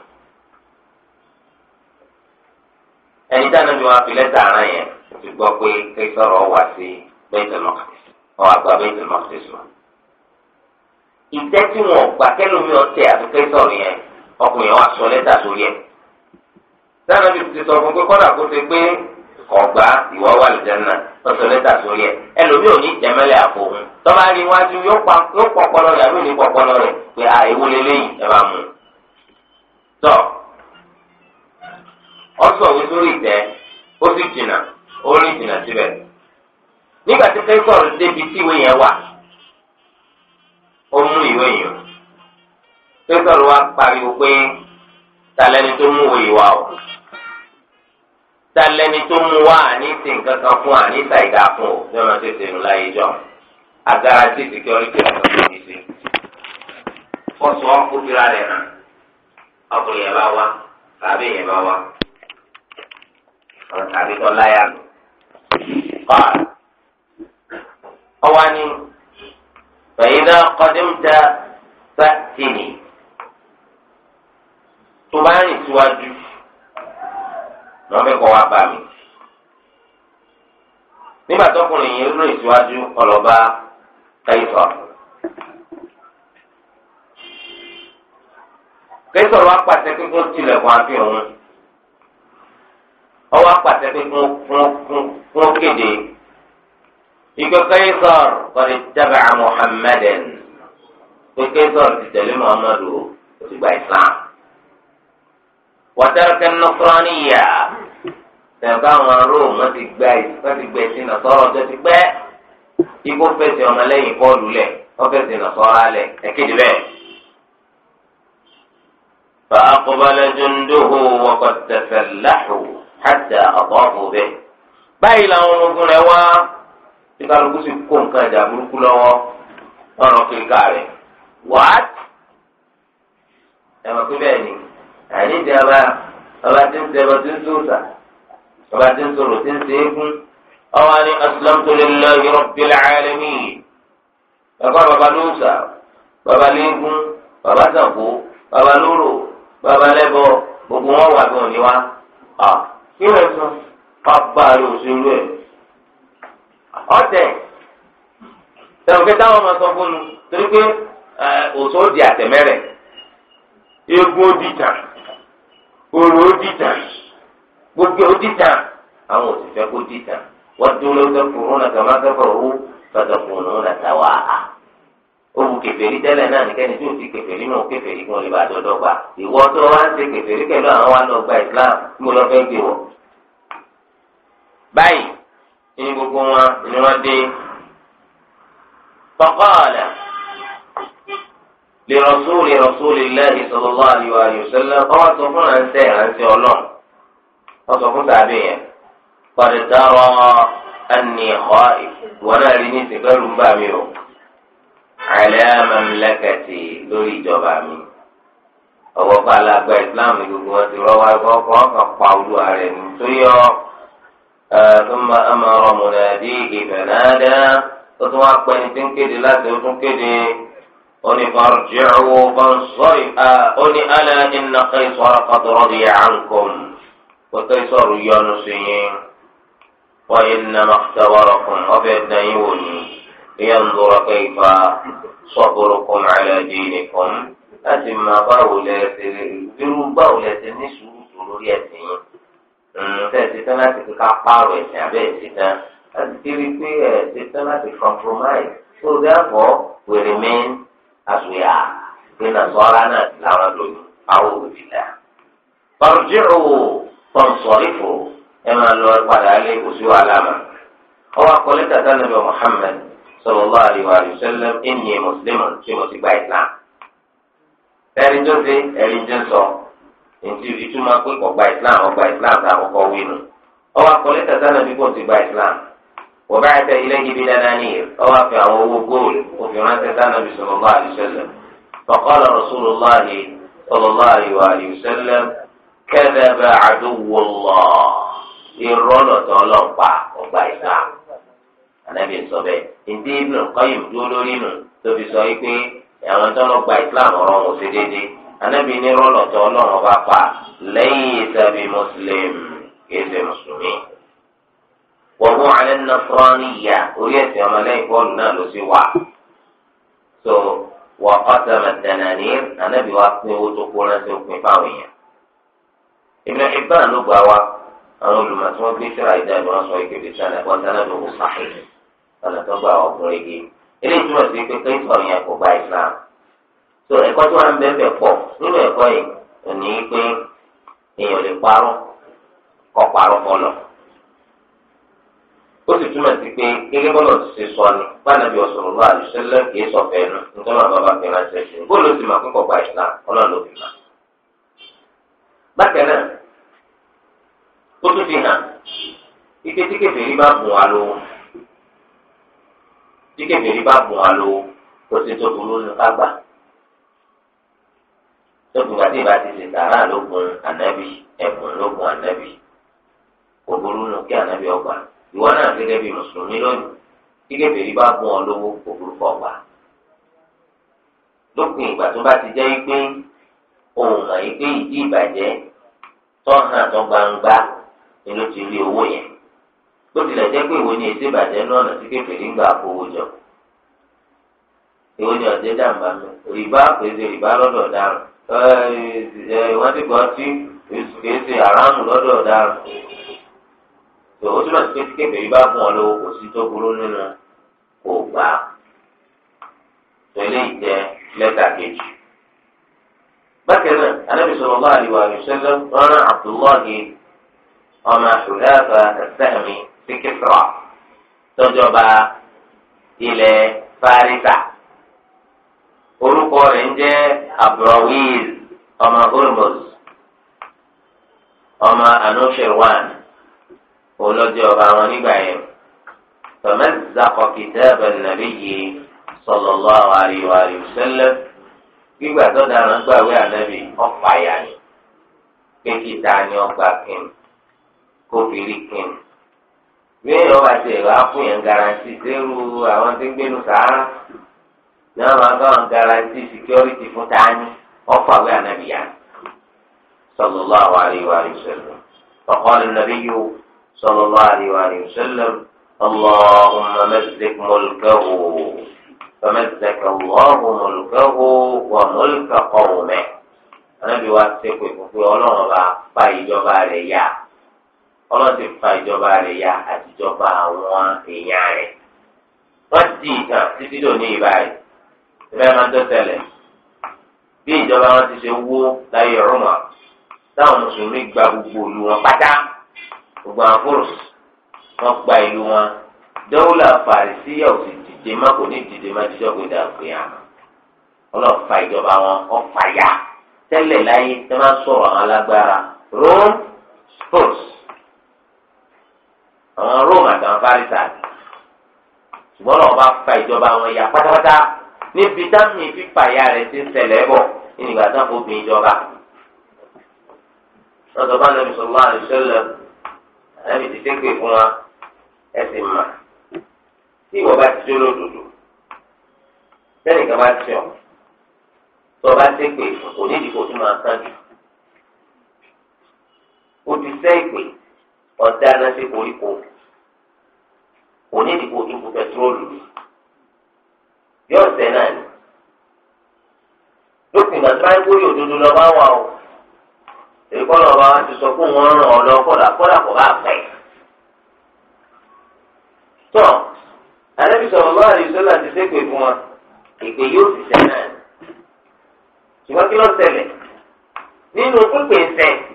ẹni ara yẹn ti gbọ́ pé kẹ́sọ̀rọ̀ wà sí Baitul Maqdis àgbà Baitul wọn. ìtẹ́ tí wọn ò gba kẹ́lómi àti yẹn ọgbà ìwà wà lùjánà lọ́sọ̀ lẹ́tà sórí ẹ̀ ẹlòmíì ò ní jẹ́mẹ́lẹ̀ àpò òun tọ́ba rí iwájú yóò pọpọlọ rẹ̀ àbí òní pọpọlọ rẹ̀ pé a ewu leléyìí ẹ máa mú un. tọ́ ọ̀sọ̀wé sórí ìtẹ́ ó sì jìnnà ó rìn jìnnà síbẹ̀. nígbà tí pẹ́sọ̀rù débi tí ìwé yẹn wà ó mú talẹni tó mú wá àní sí nǹkan kan fún àní ṣàìdá fún o bí wọn ti sèlú láyé jọ agara tí security ọ̀sán tó ní sí. fọ́sọ̀ òfìrà rẹ̀ hàn ọkùnrin yẹn bá wá tàbí yẹn bá wá tàbí tó láyà lò. قال أواني فإذا قدمت فأتني تباني سواجه lọ́n o kọ́ wa bá mi. nígbà tọkùnrin yìí rìn síwájú ọlọ́ba kẹ́sọ̀. kẹ́sọ̀ wá pàṣẹ pé kó tilẹ̀kùn àfihàn òun. ọwọ́ pàṣẹ pé kéde. ìgbẹ́ kẹ́sọ̀ kọ́ni dábàá pé kẹ́sọ̀ ti tẹ̀lé Muhammadu ti gba wàtẹ́rẹ́kẹ́ tẹ̀bá àwọn róòm wọ́n ti gba wọ́n ti gba ẹ̀sìn nàṣọ́rọ̀ ọjọ́ ti pẹ́ igbó fẹsẹ̀ ọmọlẹ́yìn kọlù lẹ̀ wọ́n fẹsẹ̀ nàṣọ́rọ̀ alẹ̀ ẹ̀kéde bẹ́ẹ̀. فأقبل جنده وقد تفلحوا حتى أطافوا به báyìí làwọn ọmọkùnrin rẹ̀ wá tí kálukú sì kó nǹkan ìjà burúkú kíkà ni àìníjàmbá ọba tí ń tẹ ọba ń bàbá tí ń sọ̀rọ̀ tí ń ṣe é gún ọwọ́ ni aslamtu lillahi rabbil alamin bàbá bàbá lóòsà bàbá léegun bàbá sàkó bàbá lóró bàbá lẹ́bọ gbogbo wọn wà bẹ́ẹ̀ ni wá à kí wọ́n sọ bàbá rẹ òṣèlú ẹ̀ ọ̀tẹ̀ ẹ̀rọ kẹta wọn máa sọ fún un torí pé òṣò di àtẹ̀mẹ́rẹ̀ egun ó dìtà òrò ó dìtà gbogbo ó dìtàn àwọn òṣìṣẹ́ kó dìtàn wọ́n dúró lọ́sọ̀kùnrin náà kàmá sọ́kọ̀rọ̀ owó fàtàkùnrin náà tà wá a. òwò kèfèrí tẹ́lẹ̀ náà nìkẹ́ni tí ò ti kèfèrí náà kèfèrí kí lè bá dọ́dọ́ gbà ìwọ tó wá ń ṣe kèfèrí pẹ̀lú àwọn wa lọ gba Islam tí mo lọ fẹ́ gbé wọ̀. báyìí ní gbogbo wọn ni wọ́n dé faqala li rasuli rasulillahi sallallahu alaihi wa sallam ọwọ́ wọ́n sọ fún tàbí yẹn pàdé dárọ ẹnì ẹ̀họ́ wọn náà rí ní ìsìnkẹ́rù ń bà mí o àlẹ́ mamlẹ́kẹ̀tì lórí ìjọba mi ọwọ́ bá alágbá ìsìláàmù gbogbo wọn ti rọwá gbọ́kọ́ ọkàn pa olúwa rẹ̀ ní tó yọ ثم أمر مناديه فنادى tuntun wa pẹ́ ní ti ń kéde tún kéde oní farji'u fansarif oní ala inna Qaysara qad radiya ankum. وكيسر يونسين وإنما اختبركم وبيدني ولي لينظر كيف صبركم على دينكم أتم باولة بيرو باولة نسو سرورية tẹ̀sí tán láti fi ká pààrọ̀ ẹ̀sìn abẹ́ ẹ̀sìn tán láti kiri pé ẹ̀sìn tán láti compromise so therefore we remain as we are pé nàṣọ́ra náà ti láwọn lòdì àwọn òbí náà. bàrùjẹ́ òwò wọn sọ̀rífò ẹ máa lọ padà lé oṣù aláma ọwọ́ akọlẹ tata nàbẹ Muhammad sallallahu alaihi wa sallam ẹnìyẹ mùsùlùmù tí mo ti gba ìlà ẹni tó ṣe ẹni tó sọ pé islam ọgbà islam ta àkọ́kọ́ wínú akọlẹ tata nàbẹ kò ti gba islam wọ́n bá ilé yìí dáadáa ní yẹ ọwọ́ àfi àwọn owó góòlù òfin ránṣẹ́ sanabi sallallahu alaihi wa kẹ́dẹ̀bẹ̀ àdúgbò lọ ìrọ́lọ̀tọ̀ ọlọ́pàá ọgbà ìgbà anabi sọ bẹ́ẹ̀ ndé ibùdó kọyìm dúró lórí nù tó fi sọ wípé àwọn tó ń gba islam ọ̀rọ̀ wọn ṣe déédéé anabi ní rọlọtọ Ọlọ́run ọba pa lẹ́yìn ìsàbí muslim kìí mùsùlùmí. wọ́n wọ́n alẹ́ nasraniyya orí ẹ̀sìn ọmọlẹ́yìn bọ́ọ̀lù náà ló sì wà. so wọ́n kọ́ sẹ́mẹ̀tẹ̀ nàní anabi wa pín owó tó kó ránṣẹ́ òpin fáwọn èèyàn. Ibn Hibban ló gbà wá àwọn olùmọ̀ tí gbé síra ìdájọ́ wọn sọ ìkéde sí àlẹ́ wọn ọ̀nà tó gba ọkùnrin igi eléyìí túmọ̀ sí pé kéńtọ̀ yẹn kò gba Islam tó ẹ̀kọ́ tó wà ń bẹ́ẹ̀ bẹ́ẹ̀ pọ̀ nínú ẹ̀kọ́ yìí ò ní í pé èèyàn lè parọ́ kọ́ parọ́ ó sọ ni ọ̀sọ̀rọ̀ lọ́wọ́ àdìsẹ́lẹ̀ kì í sọ nítorí ó tún fi hàn ike tí kèfèrí bá bùn wá lówó tí kèfèrí bá bùn wá lówó kò sí tó burú nù ká gbà tó bùn àti ìbá ti sèkàrà lógun ànábì ẹ̀bùn lógun ànábì kò burú nù kí ànábì ọgbà ìwọ náà gẹ́gẹ́ bí mùsùlùmí lónìí tí kèfèrí bá bùn ọ lówó kò burú kọ gbà lópin ìgbà tó bá ti jẹ́ pé òun àyíké ìdí ìbàjẹ́ tọ́hàn tó gbangba. ni ló ti rí owó yẹn bó tilẹ̀ jẹ́ pé ìwé ni ètò ìbàjẹ́ ní ọ̀nà tí kékeré ń gbà kówó jọ ìwé ni ọ̀jẹ́ dàmbà mi rìbá pèsè rìbá lọ́dọ̀ ọ̀daràn wọ́n ti gbọ́ tí pèsè àránù lọ́dọ̀ ọ̀daràn tó o túmọ̀ sí kékeré bá fún ọ lówó kò sí tó burú nínú kò gbà tó eléyìí lẹ́tà kejì bákan náà anábìsọ̀rọ̀ bá àlè rárá ọmọ àṣùdáàbà ẹ̀sẹ̀mí sí kíkọ́ tọ́jọba ilẹ̀ fáríkà orúkọ rẹ̀ ń jẹ́ abdulwiz ọmọ hormuz ọmọ anushirwan olójọba wọn nígbà yẹn tọ́mẹ́tìdákọ̀ kìtẹ́ẹ̀bẹ̀ nàbíyí sallallahu alaihi wa alihi wasallam gbígbà tó dára gbàwé ànábì ọ̀pá yà ni pé kìtà ni ọgbà kìnnì kó fi rí kíni bẹ́ẹ̀ lọ́wọ́ àti ẹ̀rọ afúnyàn garanti sẹ́rù àwọn tí ń gbénu sàárà náà máa bá wọn garanti security fún tání ọ̀fọ̀ àwẹ̀ ànábìyà صلى الله عليه وآله وسلم فقال النبي صلى الله عليه وآله وسلم اللهم مزق ملكه فمزق الله ملكه وملك قومه النبي واسق يقول الله با فايجو باريا ọlọ́run ti fa ìjọba rẹ̀ ya àtijọba àwọn èèyàn rẹ̀ wọ́n ti ìtàn títí dòní ìbáyìí ìbẹ́ máa ń tọ́tẹ̀lẹ̀ bí ìjọba wọn ti ṣe wó láyé rúmọ̀ táwọn mùsùlùmí gba gbogbo ìlú wọn pátá gbogbo àwọn fúrùs wọn gba ìlú wọn dọ́wọ́lá fàrísíyà ò sì dìde má kò ní dìde má jíjọ́ pé dàgbé àmọ́ ọlọ́run fa ìjọba wọn ọ̀fà ya tẹ́lẹ̀ láyé tẹ́ àwọn Rome àtàwọn Fárísà ṣùgbọ́n náà wọ́n bá fa ìjọba wọn ya pátápátá níbi táwọn fífa ìyá rẹ̀ ti ń ṣẹlẹ̀ bọ̀ ìnìgbà tán kò gbìn ìjọba. wọ́n sọ bá nàbì sọ̀rọ̀ àrùn sẹ́lẹ̀ nàbì ti ṣépè fún wa ẹ sì mà tí ìwọ bá ti dúró lòdòdò sẹ́nìkan bá ti ọ̀ tó bá ṣépè kò ní ìdìbò tó máa kánjú. o ti sẹ́ ìpè ọ̀dá náà sí koríko onídìbò ipò pẹtrólù yóò sẹ́ náà ni lópin ìgbà tí wọ́n kórè òdodo lọ bá wà o èyí kọ́ lọ́ba wa ti sọ fún wọn ràn ọ́ lọ kọ́là kọ́là kọ́ bá pẹ́. tọ́ alẹ́bí sọ̀rọ̀ lọ́wọ́ àdìsọ́lá ti ṣépè fún wa ìpè yóò sì sẹ́ náà ṣùgbọ́n kí ló ṣẹlẹ̀ nínú pínpín sẹ́ẹ̀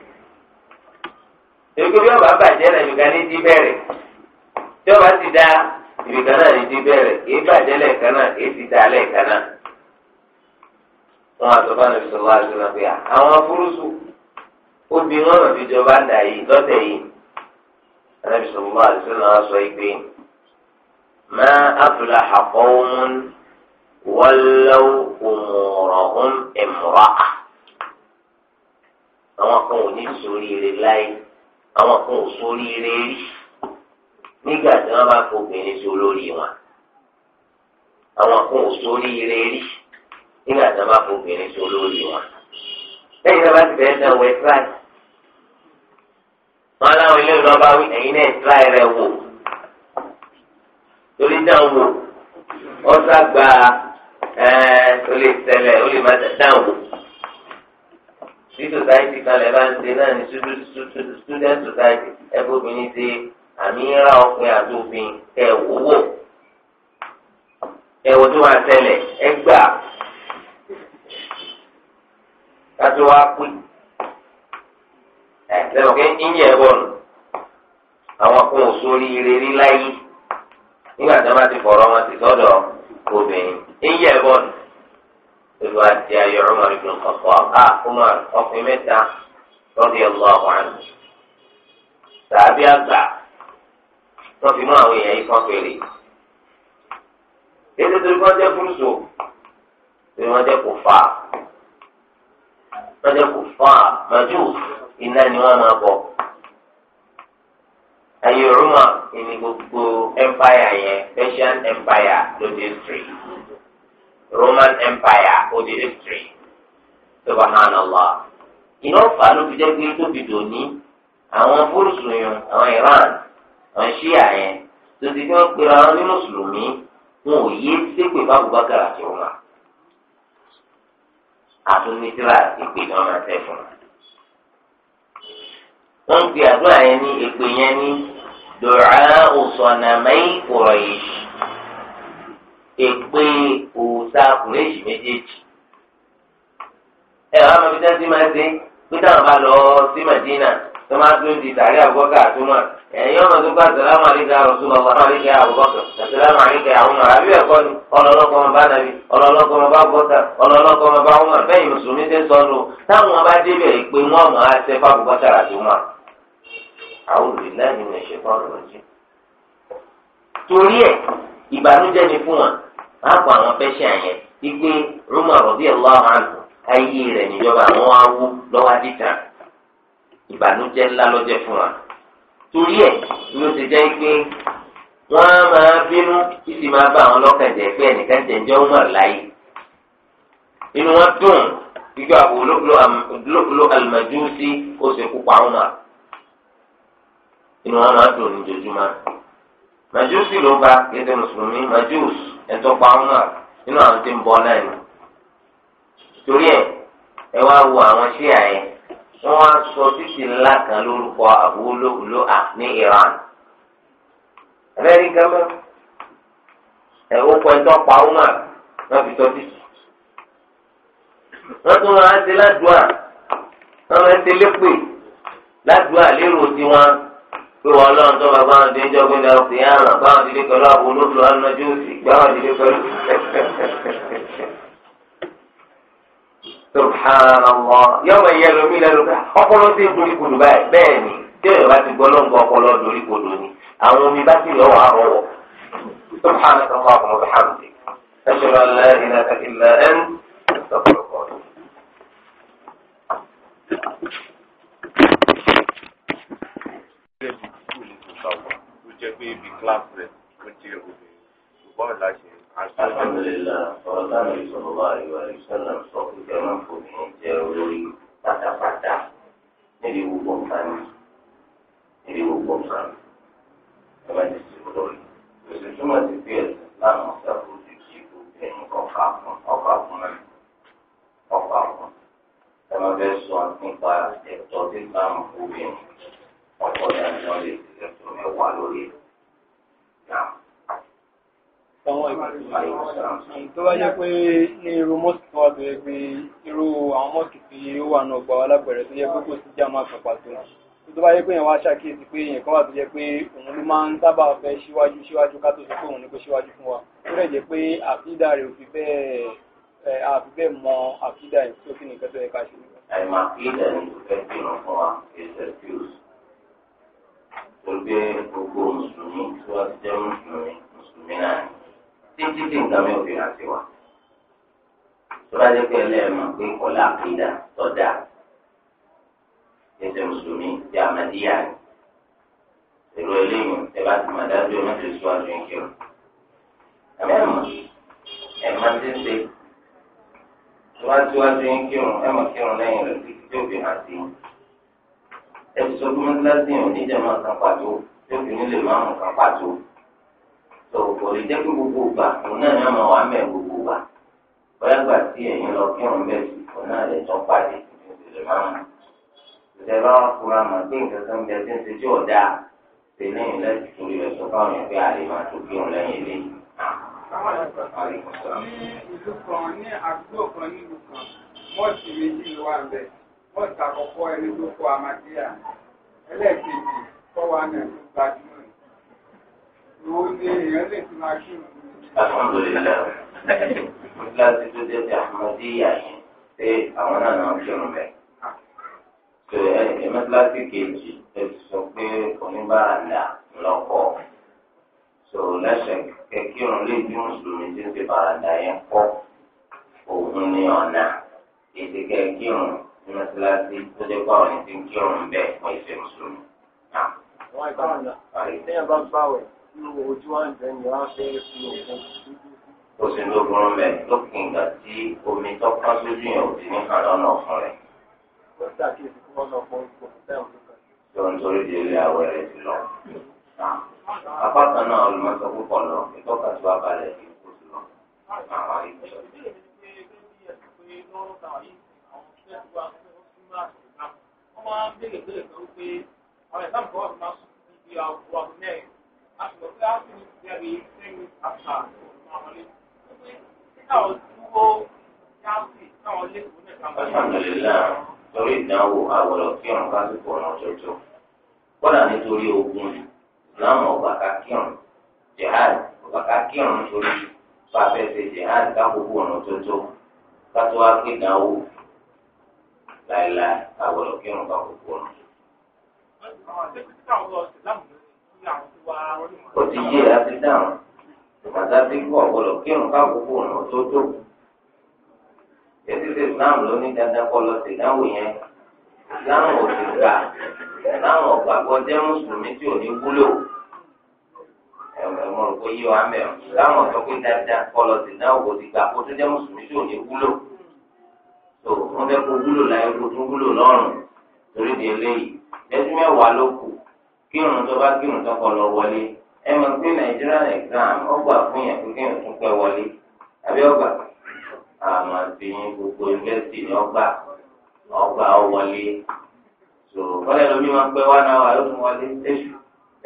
èyí bí ọba bàjẹ́ náà ibìkan ní ti bẹ̀rẹ̀ tí ọba ti da ibìkan náà ní ti bẹ̀rẹ̀ èyí bàjẹ́ lẹ́ẹ̀kan náà èyí ti da lẹ́ẹ̀kan náà. wọn àtọ́fà nàbí sọ̀rọ̀ wá sí wọn pé àwọn afúrúsù obì wọn nà fi jọba dà yìí lọ́tẹ̀ yìí nàbí sọ̀rọ̀ wá sí wọn sọ pé má àfúlà àkọ́wọ́mún wọ́lọ́wọ́ òmùrọ̀hún ìmùrọ̀ àwọn kan ò ní sórí rẹ̀ láyé. àwọn kan ò sóríire rí nígbà tí wọ́n bá fobìnrin sí olórí wọn àwọn kan ò sóríire rí nígbà tí bá sí olórí wọn lẹ́yìn tí wọ́n bá ti bẹ̀rẹ̀ wẹ̀ tíráì wọn aláwọ̀ ilé wò torí wò gba má dáhùn. sí society kalẹ̀ bá ń ṣe náà ní student society ẹgbẹ́ obìnrin ṣe àmìíra ọkùnrin àti obìnrin kẹ wòwò ẹwọ tó máa tẹlẹ ẹ gbà kátó wá pé ẹ lẹ́wọ̀n kí ìyẹn bọ̀ nù àwọn akóhùn sórí ire rí láyé nígbà tí wọ́n bá ti fọ̀rọ̀ wọn ti sọ́dọ̀ obìnrin bọ̀ nù. pẹ̀lú àti ayé Umar ibn Khattab a ah, Umar ọkùnrin mẹ́ta radiyallahu anhu tàbí àgbà tó fi mú àwọn èèyàn yìí kan péré ètò tó kọ́ jẹ́ kúrúsù tó wọ́n jẹ́ kó fà á wọ́n jẹ́ kó fà á màjú iná ni wọ́n máa bọ̀ ayé Umar ìní gbogbo empire yẹn Persian empire ló dé three. Roman Empire ó di history subhanallah iná fà ló fi jẹ́ pé tó fi dòní àwọn fúrùsù yẹn àwọn Iran àwọn ṣíà yẹn tó ti fi wọ́n pera wọn ní mùsùlùmí wọn ò yé ṣépè fábùbákà àti roma àtúnisíra ìpè náà máa tẹ̀ fún un wọ́n ń àdúrà yẹn ní èpè yẹn ní dùrà òsànàmẹ́yìn kùrọ̀ yìí. èpè òòṣà kùrẹ́ẹ̀sì méjèèjì. ẹ wàá máa fi tẹ́sí máa ṣe pé táwọn bá lọ sí Mẹ̀dínà tó máa tún di tàrí àbúkọ́kà àtúmọ̀ ẹ̀yìn ọ̀nà tó bá sàlámù àríkà rọ̀ṣùlọ̀ wà náà àríkà àbúkọ́kà sàlámù àríkà àwọn ọ̀rọ̀ àbí ẹ̀kọ́ ni ọlọ́lọ́kọ́ ọmọ bá nàbí ọlọ́lọ́kọ́ ọmọ bá bọ́tà ọlọ́lọ́kọ́ ọmọ bá bẹ́ẹ̀ mùsùlùmí sọ nù táwọn bá débẹ̀ ìbànújẹ́ ni fún wọn àpò àwọn fẹsẹ̀ yẹn wípé Umar radiyallahu anhu ayé rẹ̀ níjọba àwọn awó lọ́wọ́ àdìtà ìbànújẹ́ ńlá lọ́jẹ́ fún wa torí ẹ̀ ló ti jẹ́ pé wọ́n á máa bínú títí máa bá àwọn lọ́kàn jẹ́ pé ẹnìkan jẹ́ ǹjẹ́ Umar láyé inú wọn dùn gbígbà olókùlò um, al-Majusi ó sì kú inú wọn máa dùn ní jojúmọ́ màjúùsì ló gba kéde mùsùlùmí màjúùsì ẹ̀tọ́ pa ọmọ nínú àwọn tí ń bọ náà ni torí ẹ ẹ wá wo àwọn ṣíà yẹn wọ́n wá sọ títì ńlá kan lórúkọ àbúlóòló à ní Iran Amẹ́ríkà mọ ẹ ó kọ ẹ̀tọ́ pa ọmọ wọ́n fi sọ títì wọ́n tún wọn á ti ládùá wọ́n máa ń tẹlẹ pè lérò tiwọn pé wọn lọ́n tó bàbá wọn dín jọ́gbìn náà fi hàn án báwọn dídí pẹ̀lú àbò olóòlù anájú òsì gbáwọn dídí pẹ̀lú. subhanallah yọmọ ìyá lomi lẹnu ká ọpọlọ ti dorí kodò báyìí bẹ́ẹ̀ ni kéèyàn bá ti gbọ́ lọ́nkọ ọpọlọ dorí kodò ni àwọn omi bá ti lọ́ wà rọwọ́ subhanallah ọmọ bàbá mi. أشهد أن لا إله إلا أنت أستغفرك وأتوب jẹ́ pé ibi class rẹ̀ ló jẹ́ obìnrin ṣùgbọ́n ìlàṣẹ. alhamdulilayi ọ̀la mi sọ̀rọ̀ wa ìwà ìṣẹ̀lẹ̀ sọ pé kẹ́ máa fò mí jẹ́ olórí pátápátá níbi gbogbo nǹkan ni níbi gbogbo nǹkan ni ẹ máa ti sè olórí. èsì túmọ̀ sí pé ẹ̀sìn láàmú ṣàkóso kí gbogbo ẹ̀yìn ẹ máa fẹ́ sọ nípa ẹ̀tọ́ tí láàmú kó bẹ̀rẹ̀ ọ̀pọ̀ ìdájọ́ lè ṣiṣẹ́ tó mẹ́wàá lórí ẹ̀. tó bá jẹ́ pé ní irú mọ́sí tó wà tó yẹ pé irú àwọn mọ́sí tí ó wà náà gbà wá lágbẹ̀rẹ̀ tó yẹ pé kò sí jáàmù àpapàtó tó bá yẹ pé èèyàn wá ṣàkíyèsí pé èèyàn kan wà tó jẹ́ pé òun ló máa ń sábà fẹ́ síwájú síwájú ká tó sọ pé òun ní kó síwájú fún wa tó rẹ̀ jẹ́ pé àfídà rẹ̀ òfin bẹ́ẹ̀ àfi bẹ́ẹ̀ mọ àfídà rẹ̀ tó kí nìkan tó yẹ ká ṣe. ẹ̀ máa fi ìdẹ̀ ní ìfẹ́ sí ìrànwọ́ wa pé gbogbo mùsùlùmí tí wọ́n ti jẹ́ mùsùlùmí mùsùlùmí náà ni títí tí nǹkan mi ò fi hàn sí wa. tó bá jẹ́ pé ẹlẹ́ẹ̀mọ̀ pé kọ̀lá àkídà tọ́da ẹsẹ̀ mùsùlùmí ti àmàdíyà ni. èrò eléyìí ẹ bá ti máa dájú ẹ ti sọ àjọ ìkẹ́ o. ẹ̀mọ́ ẹ̀mọ́ ti ń ṣe tó bá ti wá ju ìkírun ẹ̀mọ́ kírun lẹ́yìn rẹ̀ títí tí ó fi hàn sí i ẹ̀sùn tó ń lásìkò oníjàmá kan pàtó lóbìnrin lè máa mú kan pàtó. tó kò lè jẹ́ pé gbogbo ìgbà òun náà ní ọmọ wa mẹ́ gbogbo ìgbà bóyá gbà tí ẹ̀yin lọ kí òun bẹ̀ sí òun náà lè tán pàdé lè máa mú. ìṣẹ̀lẹ̀ wa fura mà pé nǹkan kan bẹ tí ń ṣe tí ò dáa ṣe lẹ́yìn lẹ́sìn torí rẹ̀ sọ fáwọn yẹn pé àlè máa tó kí òun lẹ́yìn ilé. ní ìlú kan ní àdúgbò kan nílùú kan mọ́ọ̀sì méjì ló wà bẹ́ẹ̀ wọ́n ṣàkọ́kọ́ ẹni tó kọ́ amadíà ẹlẹ́ẹ̀kejì kọ́wa náà tó gbajúmọ̀ ìwọ ni èèyàn lè fi máa ṣùn. alhamdulilayi mo kíláàsì tó dé ti amadíà yẹn pé àwọn náà náà kírun bẹ́ẹ̀. tó ah. ẹni mẹ́tíláàsì kejì ẹ sọ pé oníbàárà lọ́kọ̀ tó lẹ́sẹ̀ kẹkírun lè bí mùsùlùmí tí ń ti bàràdà yẹn kọ́ òun ní ọ̀nà ètè kẹkírun ní mọ́sálásí tó dé pa ọ̀rìn tí ń kírun bẹ́ẹ̀ fún ìfẹ́ mùsùlùmí. Àwọn ìbáraẹ̀dá, ìtẹ́yẹ̀ bá gbà wẹ̀ nínú ojú àǹtẹ̀ ni wọ́n á fẹ́ fi òkun ó sì ló burú mẹ lópin ìgbà tí omi tó ká sójú yẹn ò ti ní hàn lọ́nà ọ̀fun rẹ̀. tó ń torí di ilé àwẹ̀ rẹ̀ ti lọ. apá kan náà olùmọ̀tò púpọ̀ lọ ìtọ́ka tó wá balẹ̀ kí n kó sí lọ ṣẹ́gun àwọn ọmọ ìgbà wọ́n máa ń béèrè béèrè kan wípé àwọn ìgbà kan wà fún máa sùn níbi àwọ̀ àwọn mẹ́rin a sì lọ pé a sì ní ìdíyàrí sẹ́yìn àṣà ọ̀nà àwọn ilé wípé nígbà wọn dúró yáàsì táwọn lẹ́kọ̀ọ́ náà kà máa. alhamdulilayi lórí ìdánwò àwọlọ kí ọ̀run bá ti pọ̀ náà jọjọ kọ́dà nítorí ogun láwọn ọ̀gbà ká kírun jihad ọ̀gbà ká kírun nítorí pàfẹ́sẹ̀ jihad ká gbogbo ọ̀nà jọjọ ká tó wá pé ìdánwò láéláé àgbọ̀dọ̀ kí wọn bá kókó rùn. ó ti yé àti dáhùn ìgbàdá tí kò àgbọ̀dọ̀ kí wọn bá kókó rùn tó tó. ètò Islam ló ní dandan kọ lọ sí ìdáhùn yẹn ìdáhùn ò sì gbà ìdáhùn ọ̀gbàgbọ́ jẹ́ mùsùlùmí tí ò ní wúlò ẹ̀wọ̀n kò yí wa mẹ́rin ìdáhùn pé dandan kọ lọ sí ìdáhùn ò sì gbà kó tó jẹ́ mùsùlùmí tí ò ní wúlò tó wọn fẹ́ kó wúlò láyé kó tún wúlò lọ́rùn torí di eléyìí ẹtú mẹ́wàá ló kù kírun tó bá kírun tó kọ lọ wọlé ẹ mọ̀ pé Nigerian exam ọgbà fún yẹn pé kéèyàn tún pẹ́ wọlé àbí ọgbà àmọ́ àti gbogbo yunifásitì ni ọgbà ọgbà wọlé tó wọlé lómi máa pẹ́ wá náà wà ló tún wọlé ẹṣù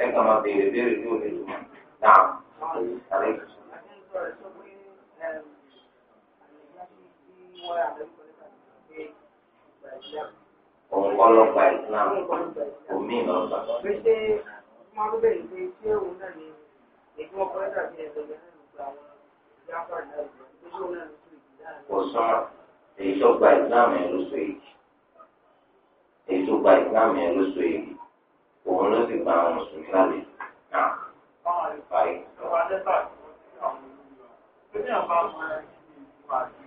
ẹ̀ka máa béèrè béèrè tó lè tún náà àlejò. Thank you òun kọ́ lọ́gbà islam omi lọ́gbà. kò sọ́mà èyí tó gba islam yẹn ló so èyí èyí tó gba islam yẹn ló so èyí òun ló sì gba àwọn mùsùlùmí lálẹ́ náà. báyìí.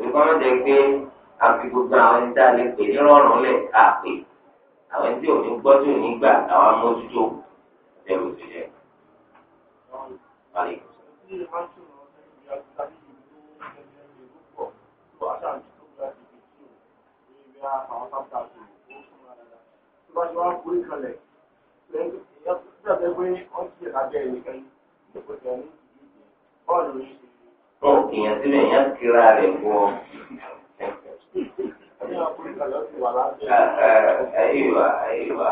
ìgbọ́n jẹ́ pé àfi gbogbo àwọn ẹni tá a lè pè nírọ̀rùn lẹ̀ ká pè àwọn ẹni tí ò ní gbọ́ tí ò ní gbà àwọn amójútó ẹ̀rù ti jẹ́. Bọ́ọ̀lù wọn kì í yàn sílẹ̀ yàn kíra rẹ̀ wọ. Àyíwá àyíwá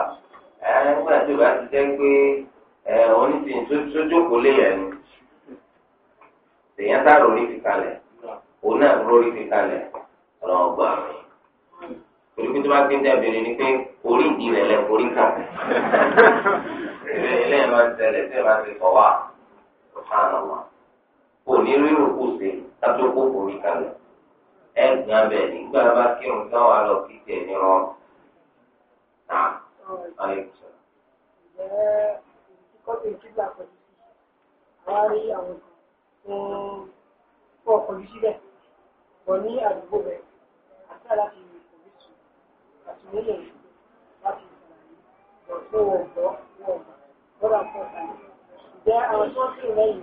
nígbà tí bá ti jẹ́ pé oníṣìí sójókòó léyàn ni èèyàn sáré orí fi kalẹ̀ òun náà lórí fi kalẹ̀ ọ̀rọ̀ gbà mí olùkí tó bá gbé dábìrin ni pé orí ìdí rẹ lẹ forí kàn ilé ilé máa ń tẹlẹ tí ẹ máa ń fi kọ wá ọ̀hánà wá ní rí òkú ṣe látó kó forí kalẹ̀ ẹ gbà bẹ́ẹ̀ nígbà bá kírun tán wà lọ kí tẹ̀ ní rọ. Fọ́ ọkọ̀jú sílẹ̀, wọ̀ ní àdúgbò bẹ̀rẹ̀, àti láti ìrìn òbí tù, àti nílẹ̀ yìí láti ìsìnkú, lọ sí wọ̀ gbọ́, wọ̀ gbà, lọ́dà fún ọ̀sán. Ǹjẹ́ àwọn tí wọ́n sì lẹ́yìn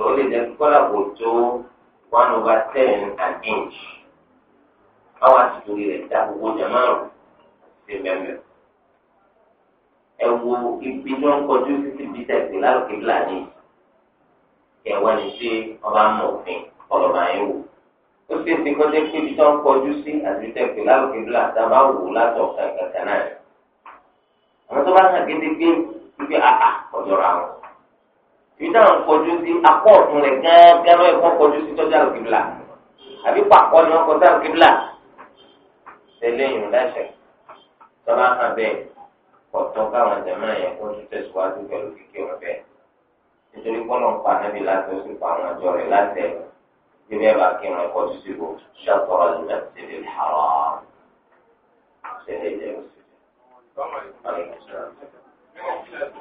ó lè jẹ́ kọ́lá kò tó one over ten an inch àwọn àtìtúrí rẹ̀ dá gbogbo jàmáà sí mẹ́mẹ́. ẹ wo ibi tí wọ́n kọjú títí bí tẹ̀sí lálùkí bíláàdì ẹ̀wọ́n ni ṣé ọba mọ̀ òfin ọlọ́ba yẹn wò. ó sì ti kọjá pé ibi tí wọ́n kọjú sí àti tẹ̀sí lálùkí bíláàdì tá a bá wò látọ̀ kankan náà. àwọn tó bá hàn gédégbé wípé àà ah, ah, ọ̀dọ́ra wọn ìdá ń kọjú sí akọ ọ̀tún rẹ̀ gángan náà ẹ̀kọ́ kọjú sí tọ́jú àlùkìbìlà àbí pàkọ́ ni wọ́n kọ sí àlùkìbìlà tẹ́lẹ̀ yìí lẹ́sẹ̀ tọ́ba hàn bẹ́ẹ̀ ọ̀tọ́ káwọn jẹ̀mọ́ yẹn kó tún tẹ̀síwájú pẹ̀lú kíkí wọn bẹ́ẹ̀ nítorí pọ́nà ń pa níbi láti oṣù pa àwọn àjọ rẹ̀ láti ẹ̀ bí bẹ́ẹ̀ bá kí wọn kọjú sí bò ṣàtọ̀rọ̀ lùmẹ̀ síbi ìhàrọ̀ ṣẹlẹ̀ jẹ́ òṣèlú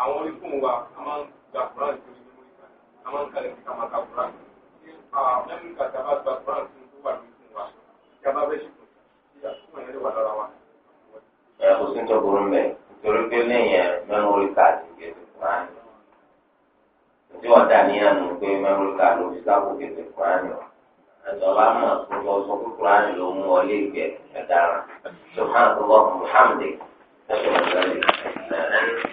àwọn oríkùn wa a máa ń gba Quran tó ní mímú ìgbà a máa ń kalẹ̀ sí kàmáka Quran ṣé mẹ́rin kàtà bá gba Quran tó ń tó wà lórí fún wa tí a bá bẹ́ ṣe kù sí àtúntò yẹn lè wà lára wa. ẹ kò sí tó burú mẹ nítorí pé lẹ́yìn mẹmórì káàdì gẹ̀ẹ́sì Quran tí wọn dà níyànjú pé mẹmórì káàdì òbí sábò gẹ̀ẹ́sì Quran yọ ẹ̀dọ́lá mọ̀ tó sọ fún Quran ló mú ọ lé ìgbẹ́ ẹ̀dára subhanahu wa muhammed ẹ̀ṣọ́ ọ̀sẹ̀ rẹ̀. better